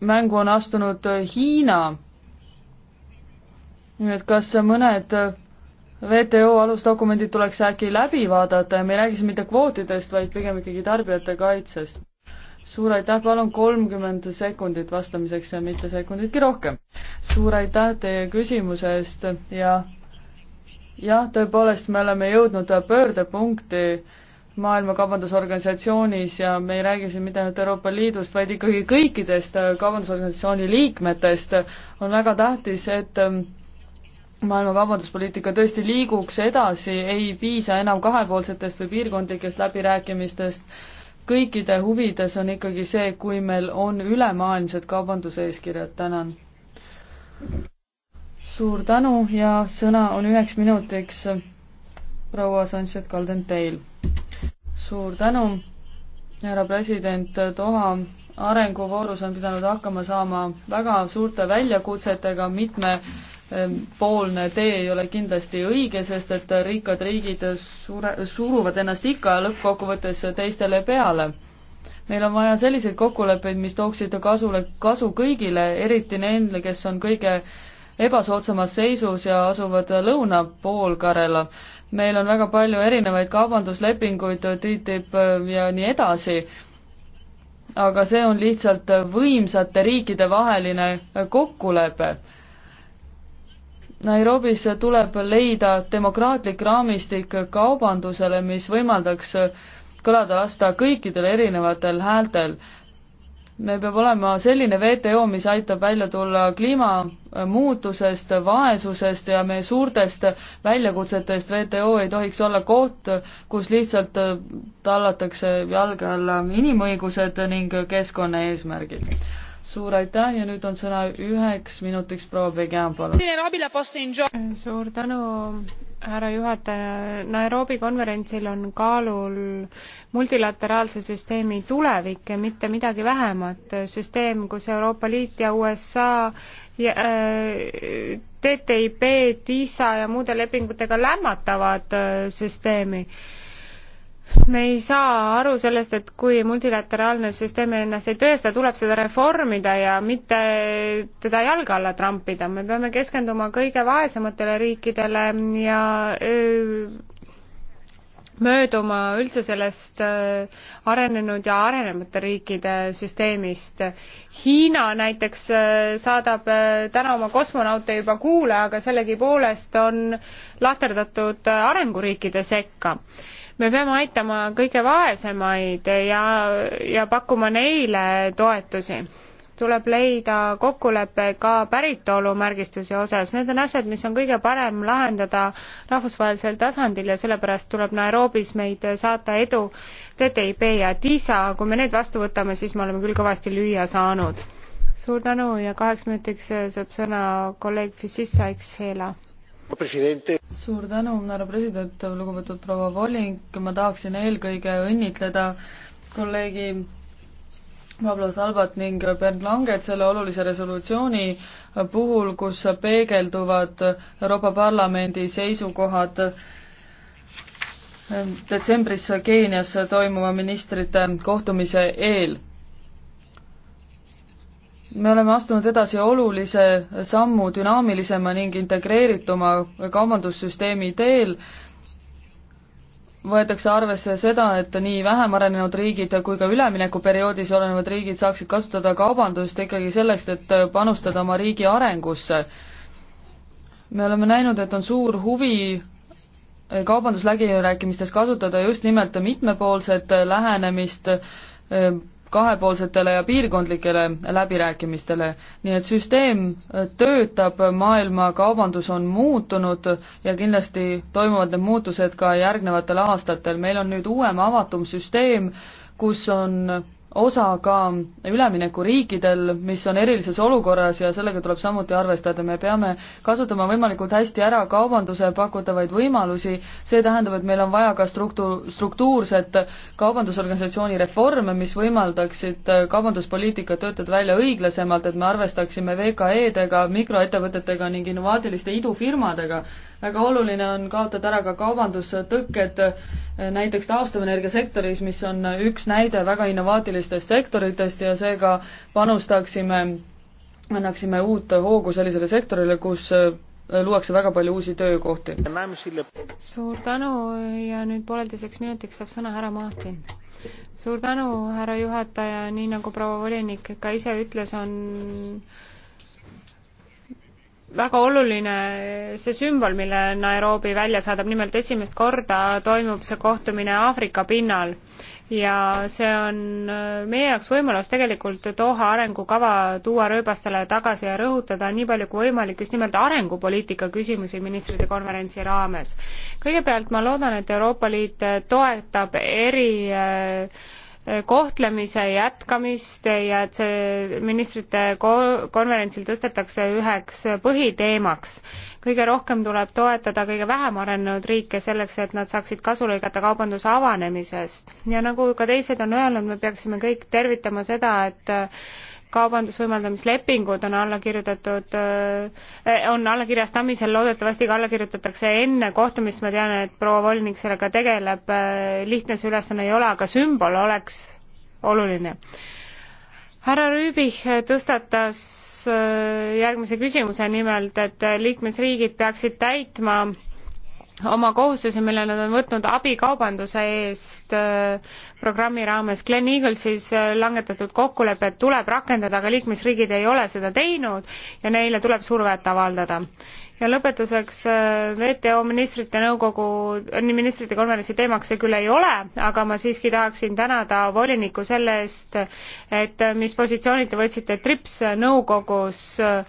S3: mängu on astunud Hiina. nii et kas mõned WTO alusdokumendid tuleks äkki läbi vaadata ja me ei räägi siin mitte kvootidest, vaid pigem ikkagi tarbijate kaitsest? suur aitäh, palun kolmkümmend sekundit vastamiseks ja mitte sekunditki rohkem. suur aitäh teie küsimuse eest ja jah, tõepoolest, me oleme jõudnud pöördepunkti Maailma Kaubandusorganisatsioonis ja me ei räägi siin mitte ainult Euroopa Liidust, vaid ikkagi kõikidest kaubandusorganisatsiooni liikmetest. on väga tähtis, et ähm, maailma kaubanduspoliitika tõesti liiguks edasi, ei piisa enam kahepoolsetest või piirkondlikest läbirääkimistest kõikide huvides on ikkagi see, kui meil on ülemaailmsed kaubanduseeskirjad, tänan. suur tänu ja sõna on üheks minutiks proua Sanchez Caldenteil. suur tänu, härra president, Doha arenguvoorus on pidanud hakkama saama väga suurte väljakutsetega mitme Ehm, poolne tee ei ole kindlasti õige, sest et rikkad riigid sure, suruvad ennast ikka lõppkokkuvõttes teistele peale. meil on vaja selliseid kokkuleppeid, mis tooksid kasule, kasu kõigile, eriti neile, kes on kõige ebasoodsamas seisus ja asuvad lõuna poolkarela. meil on väga palju erinevaid kaubanduslepinguid, TTIP ja nii edasi aga see on lihtsalt võimsate riikide vaheline kokkulepe Nairobis tuleb leida demokraatlik raamistik kaubandusele, mis võimaldaks kõlada lasta kõikidel erinevatel häältel. meil peab olema selline WTO, mis aitab välja tulla kliimamuutusest, vaesusest ja meie suurtest väljakutsetest. WTO ei tohiks olla koht, kus lihtsalt tallatakse jalge alla inimõigused ning keskkonnaeesmärgid suur aitäh ja nüüd on sõna üheks minutiks proua Began,
S2: palun. suur tänu, härra juhataja. Nairobi konverentsil on kaalul multilateraalse süsteemi tulevik ja mitte midagi vähemat. süsteem, kus Euroopa Liit ja USA ja, äh, TTIP, TISA ja muude lepingutega lämmatavad äh, süsteemi äh, me ei saa aru sellest, et kui multilateraalne süsteem ennast ei tõesta, tuleb seda reformida ja mitte teda jalge alla trampida, me peame keskenduma kõige vaesematele riikidele ja öö, mööduma üldse sellest arenenud ja arenemata riikide süsteemist. Hiina näiteks saadab täna oma kosmonaute juba kuule, aga sellegipoolest on lahterdatud arenguriikide sekka me peame aitama kõige vaesemaid ja, ja pakkuma neile toetusi. tuleb leida kokkulepe ka päritolumärgistuse osas, need on asjad, mis on kõige parem lahendada rahvusvahelisel tasandil ja sellepärast tuleb Nairobis meid saata edu TTIP ja TISA, kui me need vastu võtame, siis me oleme küll kõvasti lüüa saanud suur tänu ja
S3: kaheks minutiks saab sõna kolleeg Fississa Exhela suur tänu, härra president, lugupeetud proua Volink, ma tahaksin eelkõige õnnitleda kolleegi Pablo Salvat ning Bernd Langet selle olulise resolutsiooni puhul, kus peegelduvad Euroopa Parlamendi seisukohad detsembris Keenias toimuva ministrite kohtumise eel me oleme astunud edasi olulise sammu dünaamilisema ning integreerituma kaubandussüsteemi teel, võetakse arvesse seda, et nii vähem arenenud riigid kui ka üleminekuperioodis olevad riigid saaksid kasutada kaubandust ikkagi selleks, et panustada oma riigi arengusse. me oleme näinud, et on suur huvi kaubandusläbirääkimistes kasutada just nimelt mitmepoolset lähenemist, kahepoolsetele ja piirkondlikele läbirääkimistele. nii et süsteem töötab, maailma kaubandus on muutunud ja kindlasti toimuvad need muutused ka järgnevatel aastatel. meil on nüüd uuem, avatum süsteem, kus on osa ka üleminekuriikidel, mis on erilises olukorras ja sellega tuleb samuti arvestada, me peame kasutama võimalikult hästi ära kaubanduse pakutavaid võimalusi, see tähendab, et meil on vaja ka struktu-, struktuurset kaubandusorganisatsiooni reforme, mis võimaldaksid kaubanduspoliitikat töötada välja õiglasemalt, et me arvestaksime VKE-dega, mikroettevõtetega ning innovaatiliste idufirmadega, väga oluline on kaotada ära ka kaubandustõkked eh, näiteks taastuvenergia sektoris, mis on üks näide väga innovaatilistest sektoritest ja seega panustaksime, annaksime uut hoogu sellisele sektorile, kus eh, luuakse väga palju uusi töökohti.
S2: suur tänu ja nüüd pooleteiseks minutiks saab sõna härra Martin suur tänu, härra juhataja, nii nagu proua volinik ka ise ütles, on väga oluline see sümbol, mille Nairobi välja saadab, nimelt esimest korda toimub see kohtumine Aafrika pinnal ja see on äh, meie jaoks võimalus tegelikult Doha arengukava tuua rööbastele tagasi ja rõhutada nii palju kui võimalik just nimelt arengupoliitika küsimusi ministrite konverentsi raames. kõigepealt ma loodan, et Euroopa Liit toetab eri äh, kohtlemise jätkamist ja et see ministrite konverentsil tõstetakse üheks põhiteemaks. kõige rohkem tuleb toetada kõige vähem arenenud riike selleks, et nad saaksid kasu lõigata kaubanduse avanemisest ja nagu ka teised on öelnud, me peaksime kõik tervitama seda, et kaubandusvõimaldamislepingud on alla kirjutatud, äh, on allakirjastamisel, loodetavasti ka alla kirjutatakse enne kohtumist, ma tean, et proua volinik sellega tegeleb, äh, lihtne see ülesanne ei ole, aga sümbol oleks oluline. härra Rüübich tõstatas äh, järgmise küsimuse nimelt, et liikmesriigid peaksid täitma oma kohustusi, mille nad on võtnud abikaubanduse eest äh, programmi raames. Glen Eaglesis äh, langetatud kokkulepped tuleb rakendada, aga liikmesriigid ei ole seda teinud ja neile tuleb survet avaldada. ja lõpetuseks äh, WTO ministrite nõukogu, ministrite konverentsi teemaks see küll ei ole, aga ma siiski tahaksin tänada volinikku selle eest, et mis positsioonid te võtsite TRIPS nõukogus äh,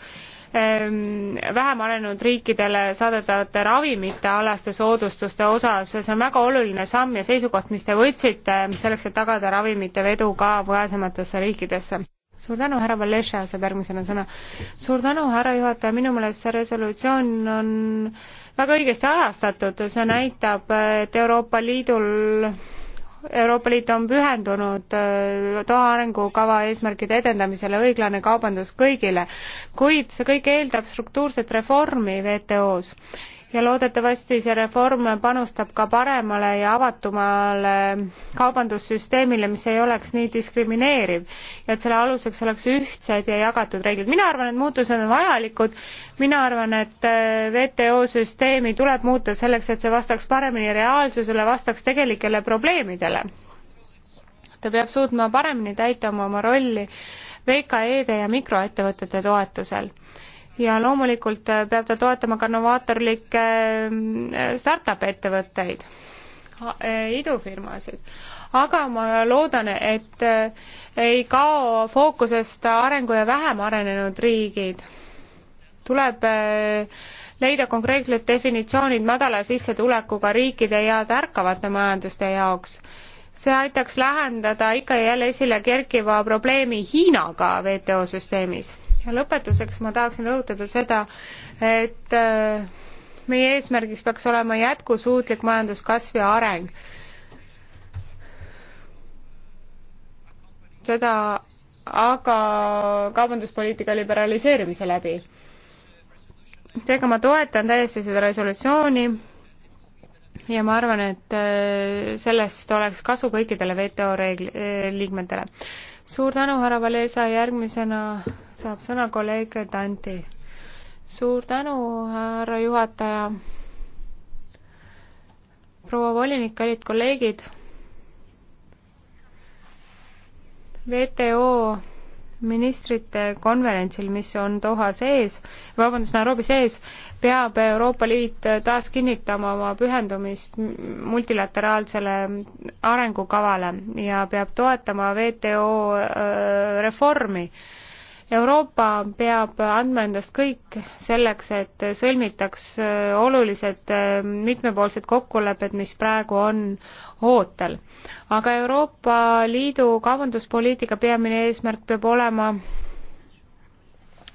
S2: Ehm, vähem arenenud riikidele saadetavate ravimite alaste soodustuste osas, see on väga oluline samm ja seisukoht, mis te võtsite selleks, et tagada ravimite vedu ka vaesematesse riikidesse suur tänu, härra Valesha saab järgmisena sõna. suur tänu, härra juhataja, minu meelest see resolutsioon on väga õigesti ajastatud, see näitab, et Euroopa Liidul Euroopa Liit on pühendunud Doha äh, arengukava eesmärkide edendamisele, õiglane kaubandus kõigile, kuid see kõik eeldab struktuurset reformi WTO-s ja loodetavasti see reform panustab ka paremale ja avatumale kaubandussüsteemile, mis ei oleks nii diskrimineeriv ja et selle aluseks oleks ühtsed ja jagatud reeglid. mina arvan, et muutused on vajalikud, mina arvan, et äh, WTO süsteemi tuleb muuta selleks, et see vastaks paremini reaalsusele, vastaks tegelikele probleemidele. ta peab suutma paremini täita oma, oma rolli VKE-de ja mikroettevõtete toetusel ja loomulikult äh, peab ta toetama ka novaatorlikke mm, äh, startup ettevõtteid, äh, idufirmasid. aga ma loodan, et ei kao fookusest arengu ja vähem arenenud riigid. tuleb leida konkreetsed definitsioonid madala sissetulekuga riikide ja tärkavate majanduste jaoks see aitaks lahendada ikka ja jälle esile kerkiva probleemi Hiinaga WTO süsteemis ja lõpetuseks ma tahaksin rõhutada seda, et äh, meie eesmärgiks peaks olema jätkusuutlik majanduskasv ja areng. seda aga kaubanduspoliitika liberaliseerimise läbi. seega ma toetan täiesti seda resolutsiooni ja ma arvan, et äh, sellest oleks kasu kõikidele WTO reegli, äh, liikmetele suur tänu, härra Valesa, järgmisena saab sõna kolleeg Tanti. suur tänu, härra juhataja. proua volinik, kallid kolleegid. WTO ministrite konverentsil, mis on Dohas ees, vabandust, Nairobis ees, peab Euroopa Liit taas kinnitama oma pühendumist multilateraalsele arengukavale ja peab toetama WTO äh, reformi Euroopa peab andma endast kõik selleks, et sõlmitaks äh, olulised äh, mitmepoolsed kokkulepped, mis praegu on ootel. aga Euroopa Liidu kaubanduspoliitika peamine eesmärk peab olema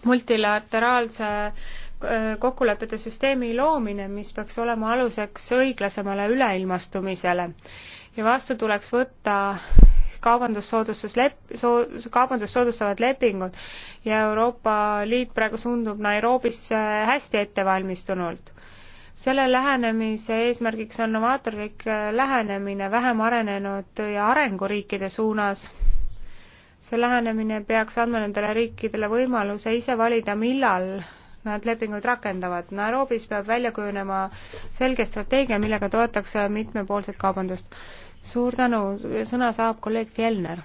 S2: multilateraalse äh, kokkulepete süsteemi loomine, mis peaks olema aluseks õiglasemale üleilmastumisele ja vastu tuleks võtta kaubandussoodustus lep-, soo-, kaubandust soodustavad lepingud ja Euroopa Liit praegu suundub Nairobis hästi ettevalmistunult. selle lähenemise eesmärgiks on novaatorlik äh, lähenemine vähem arenenud ja arenguriikide suunas. see lähenemine peaks andma nendele riikidele võimaluse ise valida, millal nad lepinguid rakendavad. Nairobis peab välja kujunema selge strateegia, millega toetakse mitmepoolset kaubandust suur tänu, sõna saab kolleeg Fjellner.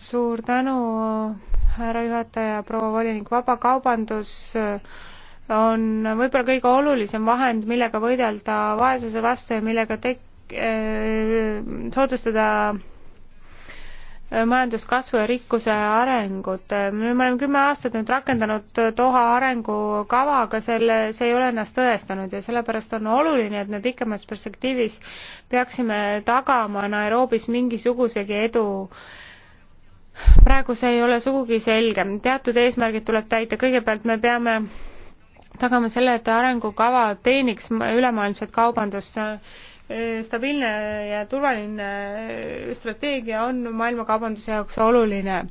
S2: suur tänu, härra juhataja, proua volinik, vabakaubandus äh, on võib-olla kõige olulisem vahend, millega võidelda vaesuse vastu ja millega tek-, äh, soodustada majanduskasvu ja rikkuse arengut. me oleme kümme aastat nüüd rakendanud Doha arengukava, aga selle, see ei ole ennast tõestanud ja sellepärast on oluline, et me pikemas perspektiivis peaksime tagama Nairobis mingisugusegi edu praegu see ei ole sugugi selge, teatud eesmärgid tuleb täita, kõigepealt me peame tagama selle, et arengukava teeniks ülemaailmset kaubandust stabiilne ja turvaline strateegia on maailma kaubanduse jaoks oluline.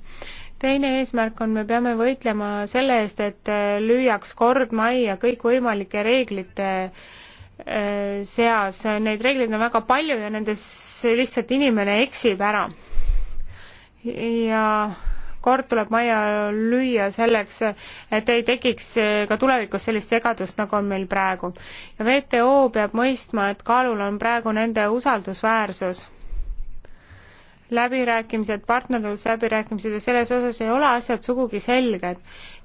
S2: teine eesmärk on, me peame võitlema selle eest, et lüüaks kord majja kõikvõimalike reeglite äh, seas, neid reegleid on väga palju ja nendes lihtsalt inimene eksib ära. ja kord tuleb majja lüüa selleks, et ei tekiks eh, ka tulevikus sellist segadust, nagu on meil praegu. ja WTO peab mõistma, et kaalul on praegu nende usaldusväärsus läbirääkimised, partnerlusläbirääkimised ja selles osas ei ole asjad sugugi selged.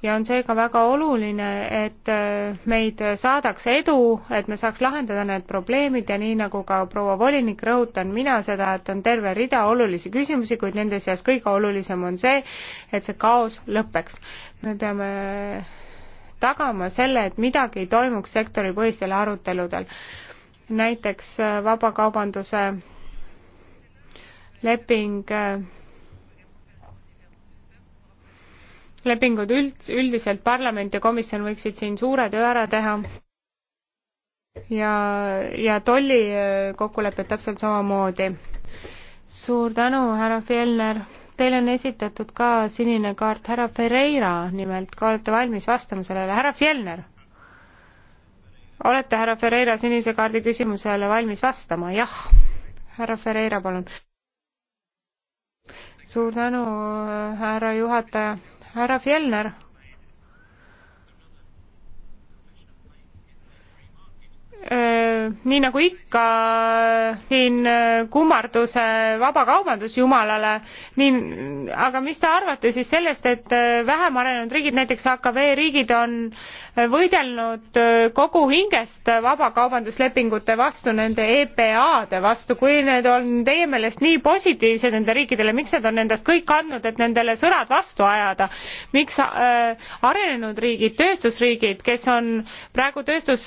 S2: ja on seega väga oluline, et äh, meid saadaks edu, et me saaks lahendada need probleemid ja nii, nagu ka proua volinik, rõhutan mina seda, et on terve rida olulisi küsimusi, kuid nende seas kõige olulisem on see, et see kaos lõpeks. me peame tagama selle, et midagi ei toimuks sektoripõhistel aruteludel. näiteks äh, vabakaubanduse leping lepingud üld, üldiselt parlament ja komisjon võiksid siin suure töö ära teha ja, ja tolli äh, kokkulepped täpselt samamoodi. suur tänu, härra Fjellner. Teile on esitatud ka sinine kaart härra Ferreira nimelt, ka olete valmis vastama sellele, härra Fjellner? olete härra Ferreira sinise kaardi küsimusele valmis vastama, jah? härra Ferreira, palun suur tänu, äh, härra juhataja. härra Fjellner nii nagu ikka siin äh, kummarduse vabakaubandus Jumalale, nii, aga mis te arvate siis sellest, et äh, vähem arenenud riigid, näiteks AKV riigid on äh, võidelnud kogu hingest vabakaubanduslepingute vastu, nende EPA-de vastu, kui need on teie meelest nii positiivsed nende riikidele, miks nad on endast kõik andnud, et nendele sõrad vastu ajada? miks arenenud riigid, tööstusriigid, kes on praegu tööstus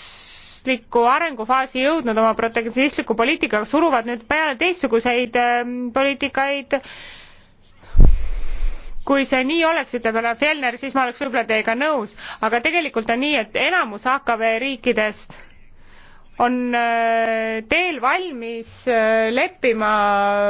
S2: kommunistliku arengufaasi jõudnud oma protektsionistliku poliitikaga, suruvad nüüd peale teistsuguseid ähm, poliitikaid. kui see nii oleks, ütleb härra Fjellner, siis ma oleks võib-olla teiega nõus, aga tegelikult on nii, et enamus AKV riikidest on äh, teel valmis äh, leppima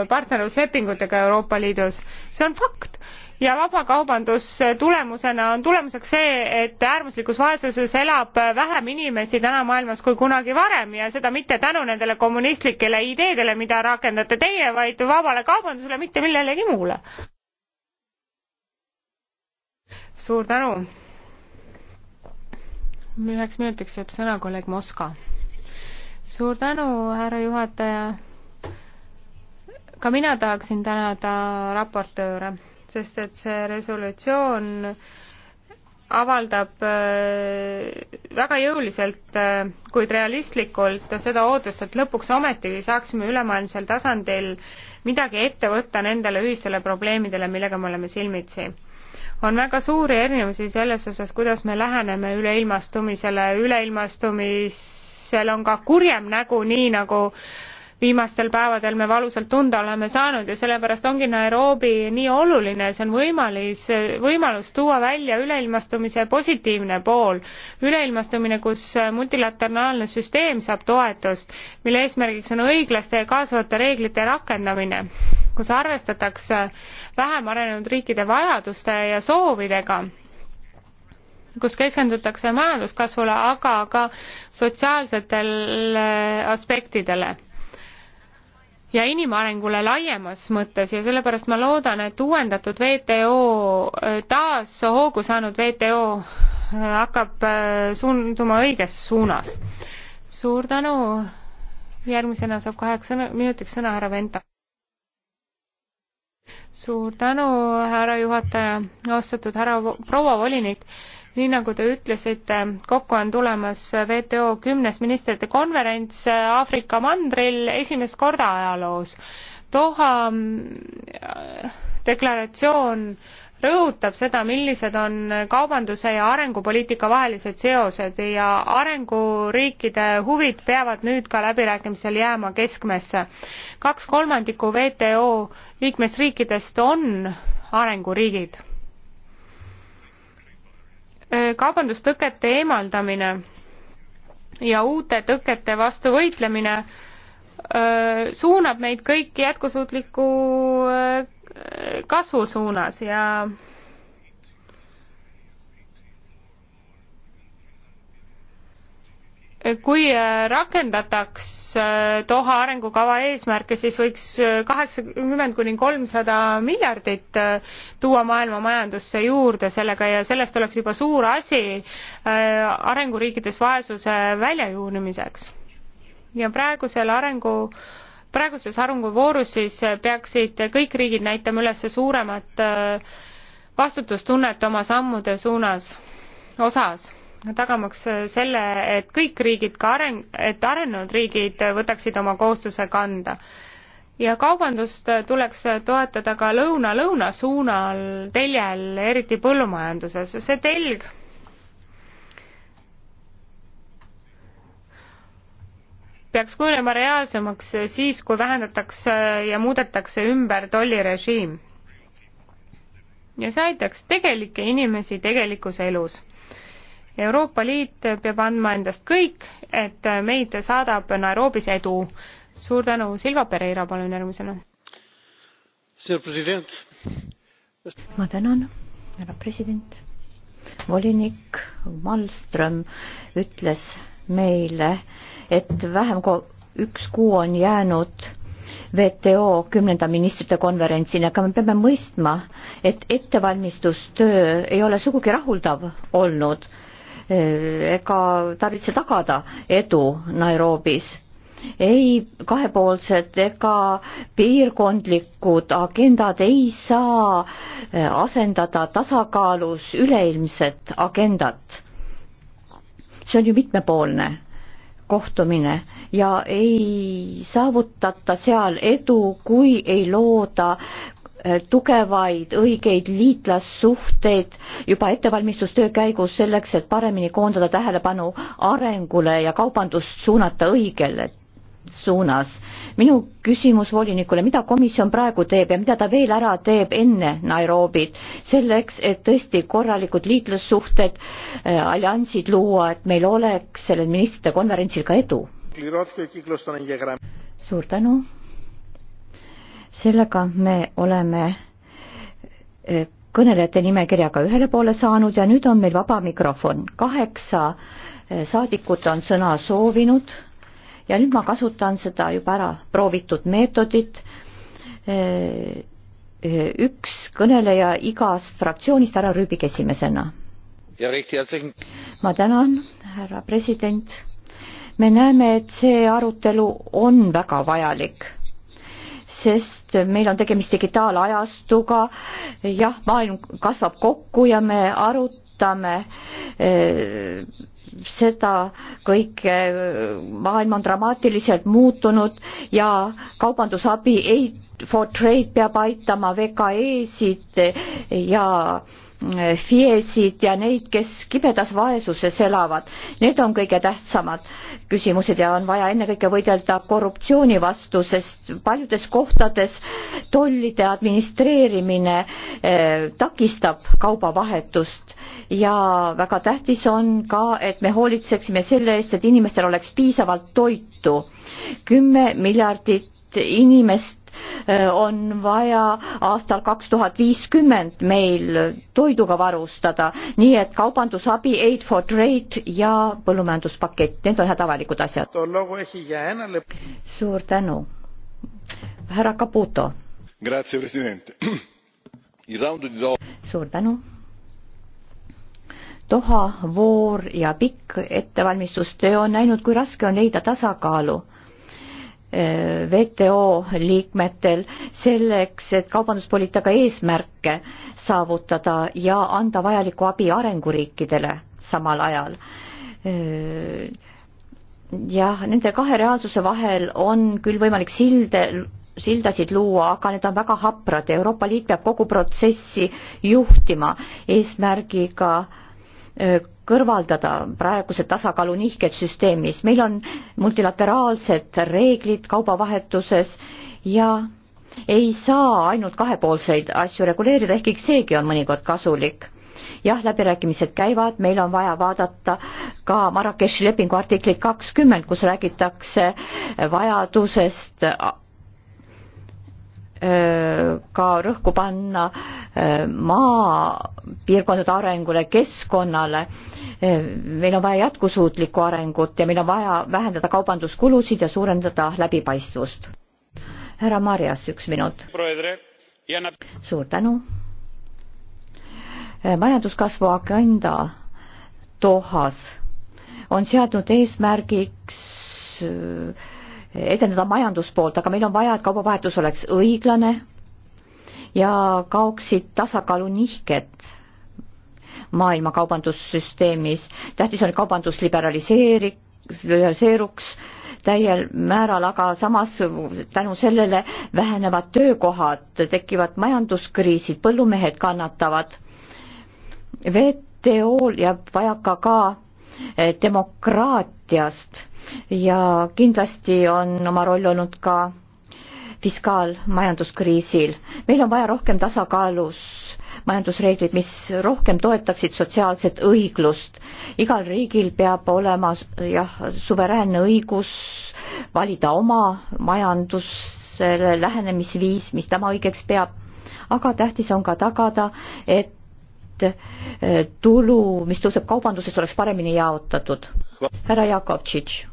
S2: partnerluslepingutega Euroopa Liidus. see on fakt ja vabakaubanduse tulemusena on tulemuseks see, et äärmuslikus vaesuses elab vähem inimesi täna maailmas kui kunagi varem ja seda mitte tänu nendele kommunistlikele ideedele, mida rakendate teie, vaid vabale kaubandusele, mitte millelegi muule. suur tänu. üheks minutiks jääb sõna kolleeg Moska. suur tänu, härra juhataja. ka mina tahaksin tänada raportööre sest et see resolutsioon avaldab äh, väga jõuliselt, äh, kuid realistlikult seda ootust, et lõpuks ometigi saaksime ülemaailmsel tasandil midagi ette võtta nendele ühistele probleemidele, millega me oleme silmitsi. on väga suuri erinevusi selles osas, kuidas me läheneme üleilmastumisele, üleilmastumisel on ka kurjem nägu, nii nagu äh, viimastel päevadel me valusalt tunda oleme saanud ja sellepärast ongi Nairobi nii oluline, see on võimalis, võimalus tuua välja üleilmastumise positiivne pool. üleilmastumine, kus multilateraalne süsteem saab toetust, mille eesmärgiks on õiglaste ja kaasavate reeglite rakendamine, kus arvestatakse vähem arenenud riikide vajaduste ja soovidega kus keskendutakse majanduskasvule, aga ka sotsiaalsetele aspektidele ja inimarengule laiemas mõttes ja sellepärast ma loodan, et uuendatud WTO, taas hoogu saanud WTO hakkab äh, suunduma õiges suunas. suur tänu, järgmisena saab kaheks sõna, minutiks sõna härra Venta. suur tänu, härra juhataja, austatud härra, proua volinik nii nagu te ütlesite, kokku on tulemas WTO kümnes ministrite konverents Aafrika mandril esimest korda ajaloos. Doha mm, äh, deklaratsioon rõhutab seda, millised on kaubanduse ja arengupoliitika vahelised seosed ja arenguriikide huvid peavad nüüd ka läbirääkimisel jääma keskmesse. kaks kolmandikku WTO liikmesriikidest on arenguriigid kaubandustõkete eemaldamine ja uute tõkete vastu võitlemine suunab meid kõiki jätkusuutliku kasvu suunas ja kui äh, rakendataks äh, Doha arengukava eesmärke, siis võiks äh, kaheksakümmend kuni kolmsada miljardit tuua maailma majandusse juurde sellega ja sellest oleks juba suur asi arenguriikides vaesuse väljajuunimiseks. ja praegusel arengu praeguses arenguvoorus siis peaksid kõik riigid näitama üles suuremat vastutustunnet oma sammude suunas, osas tagamaks selle, et kõik riigid, ka areng, et arenenud riigid võtaksid oma kohustuse kanda. ja kaubandust tuleks toetada ka lõuna-lõuna suunal teljel, eriti põllumajanduses, see telg peaks kujunema reaalsemaks siis, kui vähendatakse ja muudetakse ümber tollirežiim. ja see aitaks tegelikke inimesi tegelikus elus Euroopa Liit peab andma endast kõik, et meid saadab Nairobis edu. suur tänu, Silva Pereira, palun
S1: järgmisena. ma tänan, härra president. volinik Malmström ütles meile, et vähem kui üks kuu on jäänud WTO kümnenda ministrite konverentsini, aga me peame mõistma, et ettevalmistustöö ei ole sugugi rahuldav olnud Äh, ega tarvitse tagada edu Nairobis. ei kahepoolsed ega piirkondlikud agendad ei saa äh, asendada tasakaalus üleilmset agendat. see on ju mitmepoolne kohtumine ja ei saavutata seal edu, kui ei looda Eh, tugevaid, õigeid liitlassuhteid juba ettevalmistustöö käigus selleks, et paremini koondada tähelepanu arengule ja kaubandust suunata õigele suunas. minu küsimus volinikule, mida komisjon praegu teeb ja mida ta veel ära teeb enne Nairobit selleks, et tõesti korralikud liitlassuhted, eh, alliansid luua, et meil oleks sellel ministrite konverentsil ka edu? suur tänu sellega me oleme e, kõnelejate nimekirjaga ühele poole saanud ja nüüd on meil vaba mikrofon. kaheksa e, saadikut on sõna soovinud ja nüüd ma kasutan seda juba ära proovitud meetodit. E, üks kõneleja igast fraktsioonist, härra Rüübik esimesena. ma tänan, härra president. me näeme, et see arutelu on väga vajalik sest meil on tegemist digitaalajastuga, jah, maailm kasvab kokku ja me arutame eh, seda kõike, eh, maailm on dramaatiliselt muutunud ja kaubandusabi Aid for Trade peab aitama VKE-sid eh, ja FIE-sid ja neid, kes kibedas vaesuses elavad. Need on kõige tähtsamad küsimused ja on vaja ennekõike võidelda korruptsiooni vastu, sest paljudes kohtades tollide administreerimine eh, takistab kaubavahetust ja väga tähtis on ka, et me hoolitseksime selle eest, et inimestel oleks piisavalt toitu. kümme miljardit inimest Äh, on vaja aastal kaks tuhat viiskümmend meil toiduga varustada, nii et kaubandusabi, aid for trade ja põllumajanduspakett, need on hädavajalikud asjad. ¿eh? suur tänu. härra Caputo. suur tänu. Doha voor ja pikk ettevalmistustöö on näinud, kui raske on leida tasakaalu WTO liikmetel selleks, et kaubanduspoliitika eesmärke saavutada ja anda vajalikku abi arenguriikidele samal ajal. jah, nende kahe reaalsuse vahel on küll võimalik silde, sildasid luua, aga need on väga haprad ja Euroopa Liit peab kogu protsessi juhtima eesmärgiga äh, kõrvaldada praeguse tasakaalu nihked süsteemis. meil on multilateraalsed reeglid kaubavahetuses ja ei saa ainult kahepoolseid asju reguleerida, ehkki seegi on mõnikord kasulik. jah, läbirääkimised käivad, meil on vaja vaadata ka Marrakechi lepingu artiklit kakskümmend, kus räägitakse vajadusest äh, ka rõhku panna äh, maapiirkondade arengule, keskkonnale. meil on vaja jätkusuutlikku arengut ja meil on vaja vähendada kaubanduskulusid ja suurendada läbipaistvust. härra Marjas, üks minut. suur tänu. majanduskasvu agenda Dohas on seadnud eesmärgiks äh, edendada majanduspoolt, aga meil on vaja, et kaubavahetus oleks õiglane ja kaoksid tasakaalu nihked maailma kaubandussüsteemis. tähtis on, et kaubandus liberaliseeri-, liberaliseeruks täiel määral, aga samas tänu sellele vähenevad töökohad, tekivad majanduskriisid, põllumehed kannatavad. WTO-l jääb vajaka ka eh, demokraatiast ja kindlasti on oma roll olnud ka fiskaalmajanduskriisil. meil on vaja rohkem tasakaalus majandusreeglid, mis rohkem toetaksid sotsiaalset õiglust. igal riigil peab olema jah, suveräänne õigus valida oma majandusele lähenemisviis, mis tema õigeks peab. aga tähtis on ka tagada, et äh, tulu, mis tõuseb kaubandusest, oleks paremini jaotatud. härra Jakovtšitš.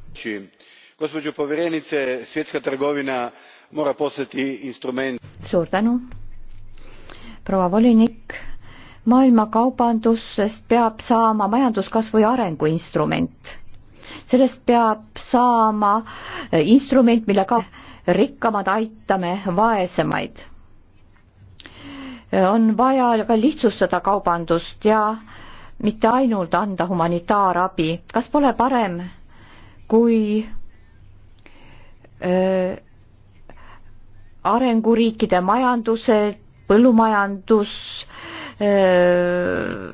S3: gospođo povjerenice, svjetska trgovina mora postati
S1: instrument. suur tänu, proua volinik. maailmakaubandusest peab saama majanduskasvu ja arengu instrument. sellest peab saama eh, instrument, millega rikkamad aitame vaesemaid. Eh, on vaja ka lihtsustada kaubandust ja mitte ainult anda humanitaarabi, kas pole parem, kui öö, eh, arenguriikide majandused, põllumajandus öö,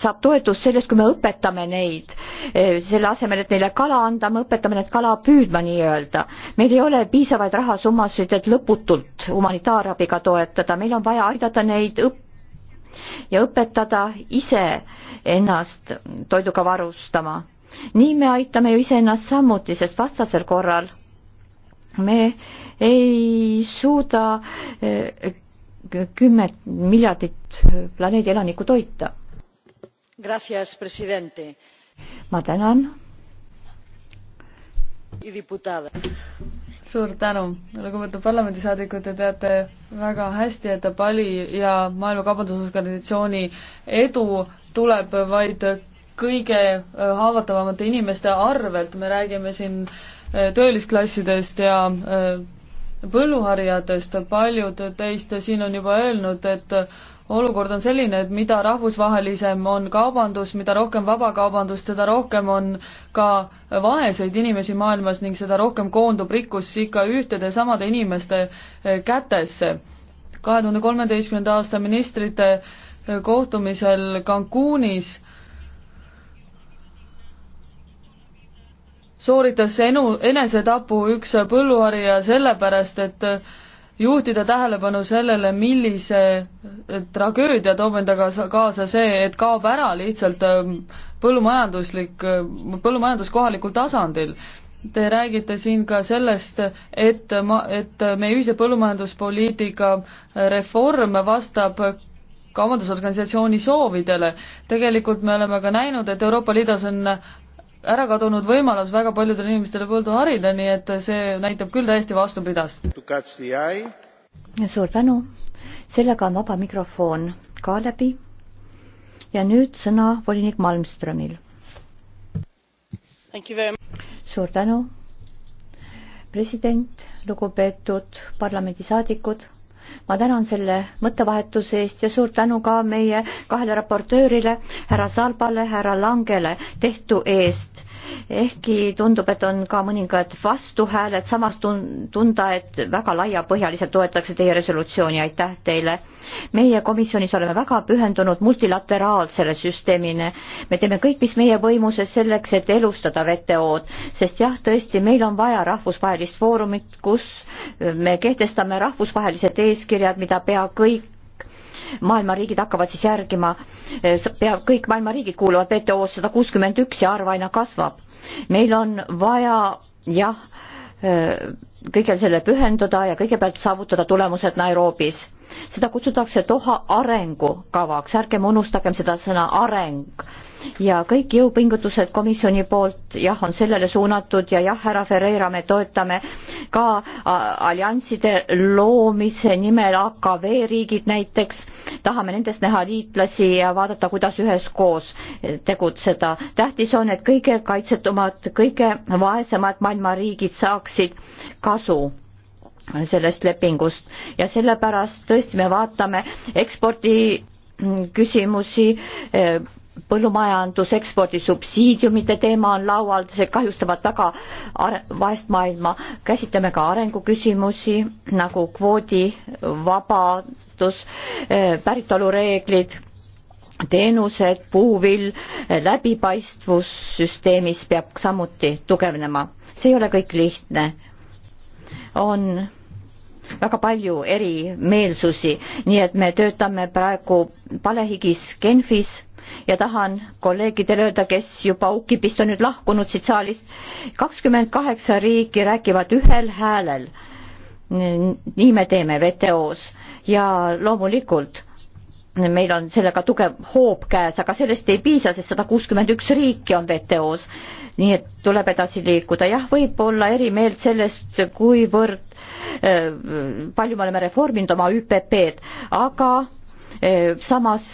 S1: saab toetust sellest, kui me õpetame neid, selle asemel, et neile kala anda, me õpetame neid kala püüdma nii-öelda. meil ei ole piisavaid rahasummasid, et lõputult humanitaarabiga toetada, meil on vaja aidata neid õpp- ja õpetada ise ennast toiduga varustama. nii me aitame ju iseennast samuti, sest vastasel korral me ei suuda eh, kümmet miljardit planeedi elanikku toita.
S3: ma tänan. suur tänu, lugupeetud parlamendisaadikud, te teate väga hästi, et Bali ja Maailma Kaubandusorganisatsiooni edu tuleb vaid kõige haavatavamate inimeste arvelt, me räägime siin äh, töölisklassidest ja äh, põlluharijatest, paljud teist siin on juba öelnud, et olukord on selline, et mida rahvusvahelisem on kaubandus, mida rohkem vabakaubandust, seda rohkem on ka vaeseid inimesi maailmas ning seda rohkem koondub rikkus ikka ühtede samade inimeste äh, kätesse. kahe tuhande kolmeteistkümnenda aasta ministrite äh, kohtumisel Cancunis sooritas enu, enesetapu üks põlluharija sellepärast, et juhtida tähelepanu sellele, millise tragöödia toob endaga kaasa see, et kaob ära lihtsalt ähm, põllumajanduslik, äh, põllumajandus kohalikul tasandil. Te räägite siin ka sellest, et ma, et meie ühise põllumajanduspoliitika reform vastab kaubandusorganisatsiooni soovidele. tegelikult me oleme ka näinud, et Euroopa Liidus on ära kadunud võimalus väga paljudele inimestele põldu harida, nii et see näitab küll täiesti vastupidast.
S1: suur tänu, sellega on vaba mikrofon ka läbi. ja nüüd sõna volinik Malmströmil. suur tänu, president, lugupeetud parlamendisaadikud ma tänan selle mõttevahetuse eest ja suur tänu ka meie kahele raportöörile, härra Salbale, härra Langele tehtu eest ehkki tundub, et on ka mõningad vastuhääled, samas tun-, tunda, et väga laiapõhjaliselt toetatakse teie resolutsiooni, aitäh teile. meie komisjonis oleme väga pühendunud multilateraalsele süsteemile. me teeme kõik, mis meie võimuses selleks, et elustada WTO-d, sest jah, tõesti, meil on vaja rahvusvahelist foorumit, kus me kehtestame rahvusvahelised eeskirjad, mida pea kõik maailma riigid hakkavad siis järgima, eh, peab, kõik maailma riigid kuuluvad WTO-s sada kuuskümmend üks ja arv aina kasvab. meil on vaja jah, eh, kõigele selle pühenduda ja kõigepealt saavutada tulemused Nairobis seda kutsutakse Doha arengukavaks, ärgem unustagem seda sõna areng. ja kõik jõupingutused komisjoni poolt jah, on sellele suunatud ja jah, härra Ferreira, me toetame ka äh, allianside loomise nimel AKV riigid näiteks, tahame nendest näha liitlasi ja vaadata, kuidas üheskoos tegutseda. tähtis on, et kõige kaitsetumad, kõige vaesemad maailma riigid saaksid kasu sellest lepingust ja sellepärast tõesti me vaatame ekspordi küsimusi, eh, põllumajandusekspordi subsiidiumide teema on laual, see kahjustavad väga vaest maailma, käsitleme ka arenguküsimusi nagu kvoodivabadus, eh, päritolureeglid, teenused, puuvill, eh, läbipaistvus süsteemis peab samuti tugevnema. see ei ole kõik lihtne. on väga palju erimeelsusi, nii et me töötame praegu palehigis Genfis ja tahan kolleegidele öelda, kes juba ukipist on nüüd lahkunud siit saalist, kakskümmend kaheksa riiki räägivad ühel häälel. nii me teeme WTO-s ja loomulikult meil on sellega tugev hoob käes, aga sellest ei piisa, sest sada kuuskümmend üks riiki on WTO-s. nii et tuleb edasi liikuda, jah, võib olla erimeelt sellest, kuivõrd eh, palju me oleme reforminud oma ÜPP-d, aga eh, samas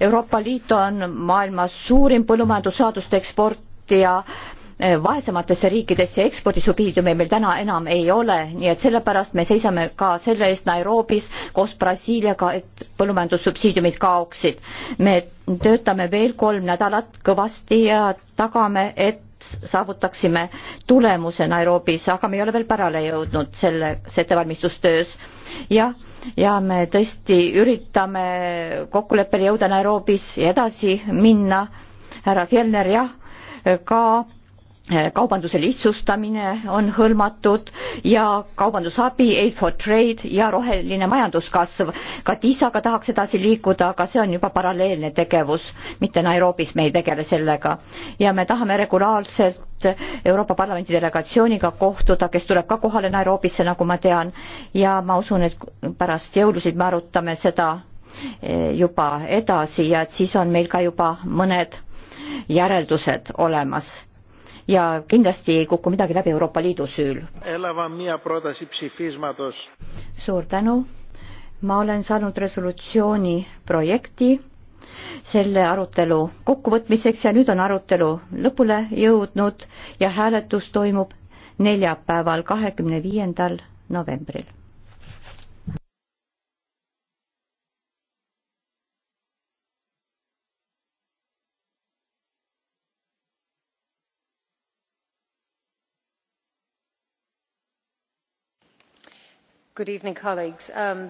S1: Euroopa Liit on maailma suurim põllumajandussaaduste eksport ja eh, Eh, vaesematesse riikidesse ekspordisubsiidiume meil täna enam ei ole, nii et sellepärast me seisame ka selle eest Nairobis koos Brasiiliaga, et põllumajandussubsiidiumid kaoksid. me töötame veel kolm nädalat kõvasti ja tagame, et saavutaksime tulemuse Nairobis, aga me ei ole veel pärale jõudnud selles ettevalmistustöös. jah, ja me tõesti üritame kokkuleppele jõuda Nairobis ja edasi minna. härra Fjellner, jah, ka Eh, kaubanduse lihtsustamine on hõlmatud ja kaubandusabi, aid for trade ja roheline majanduskasv. ka TISAga tahaks edasi liikuda, aga see on juba paralleelne tegevus, mitte Nairobis me ei tegele sellega. ja me tahame regulaarselt Euroopa Parlamendi delegatsiooniga kohtuda, kes tuleb ka kohale Nairobisse, nagu ma tean, ja ma usun, et pärast jõulusid me arutame seda eh, juba edasi ja et siis on meil ka juba mõned järeldused olemas ja kindlasti ei kuku midagi läbi Euroopa Liidu süül. suur tänu. ma olen saanud resolutsiooni projekti selle arutelu kokkuvõtmiseks ja nüüd on arutelu lõpule jõudnud ja hääletus toimub neljapäeval, kahekümne viiendal novembril.
S3: good evening colleagues. Um...